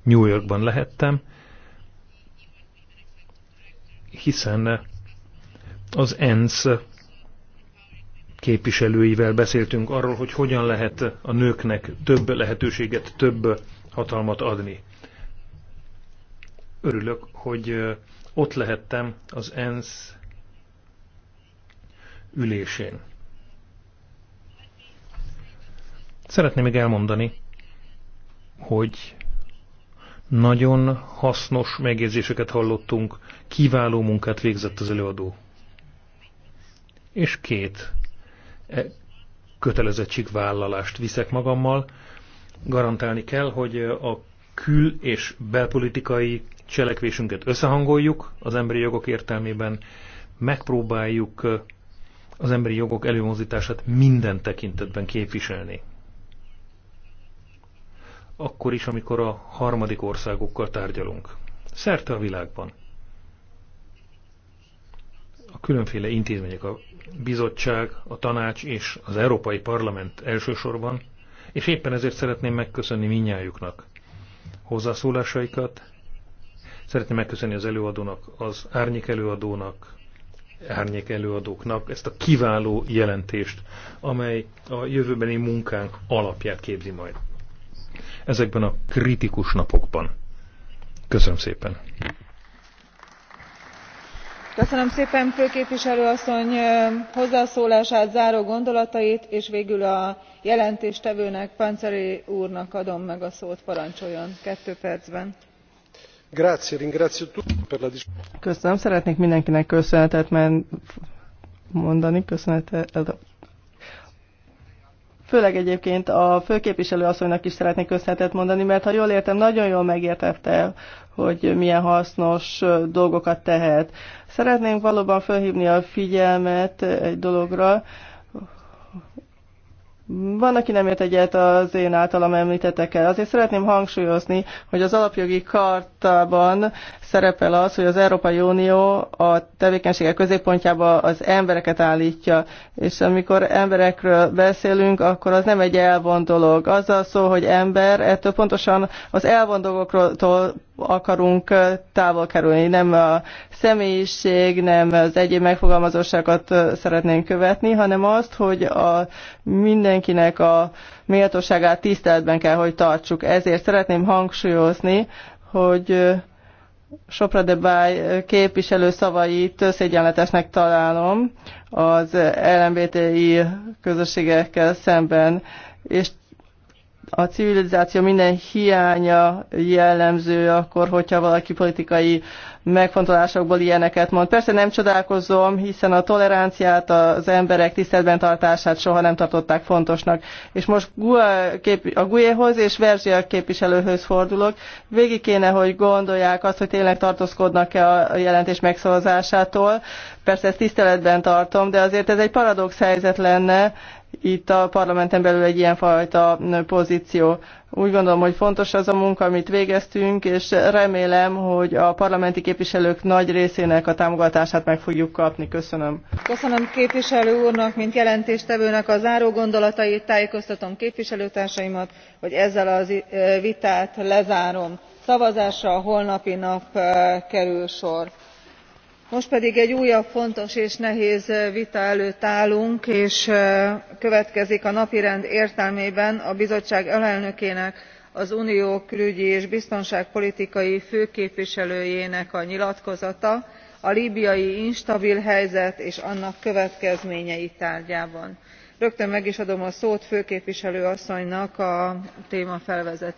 New Yorkban lehettem, hiszen az ENSZ képviselőivel beszéltünk arról, hogy hogyan lehet a nőknek több lehetőséget, több hatalmat adni. Örülök, hogy ott lehettem az ENSZ ülésén. Szeretném még elmondani, hogy nagyon hasznos megjegyzéseket hallottunk, kiváló munkát végzett az előadó. És két e, kötelezettségvállalást viszek magammal. Garantálni kell, hogy a kül- és belpolitikai cselekvésünket összehangoljuk az emberi jogok értelmében, megpróbáljuk az emberi jogok előmozdítását minden tekintetben képviselni akkor is, amikor a harmadik országokkal tárgyalunk. Szerte a világban. A különféle intézmények, a bizottság, a tanács és az Európai Parlament elsősorban, és éppen ezért szeretném megköszönni minnyájuknak hozzászólásaikat. Szeretném megköszönni az előadónak, az árnyék előadónak, árnyék előadóknak ezt a kiváló jelentést, amely a jövőbeni munkánk alapját képzi majd ezekben a kritikus napokban. Köszönöm szépen! Köszönöm szépen főképviselő asszony hozzászólását, záró gondolatait, és végül a jelentéstevőnek, Panceri úrnak adom meg a szót, parancsoljon kettő percben köszönöm szeretnék mindenkinek köszönetet mondani köszönetet Főleg egyébként a főképviselő asszonynak is szeretnék köszönetet mondani, mert ha jól értem, nagyon jól megértette, hogy milyen hasznos dolgokat tehet. Szeretnénk valóban felhívni a figyelmet egy dologra, van, aki nem ért egyet az én általam említetekkel. Azért szeretném hangsúlyozni, hogy az alapjogi kartában szerepel az, hogy az Európai Unió a tevékenysége középpontjába az embereket állítja. És amikor emberekről beszélünk, akkor az nem egy elvont dolog. Azzal szó, hogy ember, ettől pontosan az elvont dolgokról akarunk távol kerülni, nem a személyiség, nem az egyéb megfogalmazóságot szeretnénk követni, hanem azt, hogy a mindenkinek a méltóságát tiszteletben kell, hogy tartsuk. Ezért szeretném hangsúlyozni, hogy Sopra de Báj képviselő szavait szégyenletesnek találom az LMBTI közösségekkel szemben, és a civilizáció minden hiánya jellemző akkor, hogyha valaki politikai megfontolásokból ilyeneket mond. Persze nem csodálkozom, hiszen a toleranciát, az emberek tiszteletben tartását soha nem tartották fontosnak. És most a Guéhoz és Verzsia képviselőhöz fordulok. Végig kéne, hogy gondolják azt, hogy tényleg tartózkodnak-e a jelentés megszavazásától. Persze ezt tiszteletben tartom, de azért ez egy paradox helyzet lenne, itt a parlamenten belül egy ilyenfajta pozíció. Úgy gondolom, hogy fontos az a munka, amit végeztünk, és remélem, hogy a parlamenti képviselők nagy részének a támogatását meg fogjuk kapni. Köszönöm. Köszönöm képviselő úrnak, mint jelentéstevőnek a záró gondolatait. Tájékoztatom képviselőtársaimat, hogy ezzel a vitát lezárom. Szavazásra a holnapi nap kerül sor most pedig egy újabb fontos és nehéz vita előtt állunk és következik a napirend értelmében a bizottság alelnökének az unió külügyi és biztonságpolitikai főképviselőjének a nyilatkozata a lbiai instabil helyzet és annak következményei tárgyában. rögtön meg is adom a szót főképviselő asszonynak a téma felvezetésére.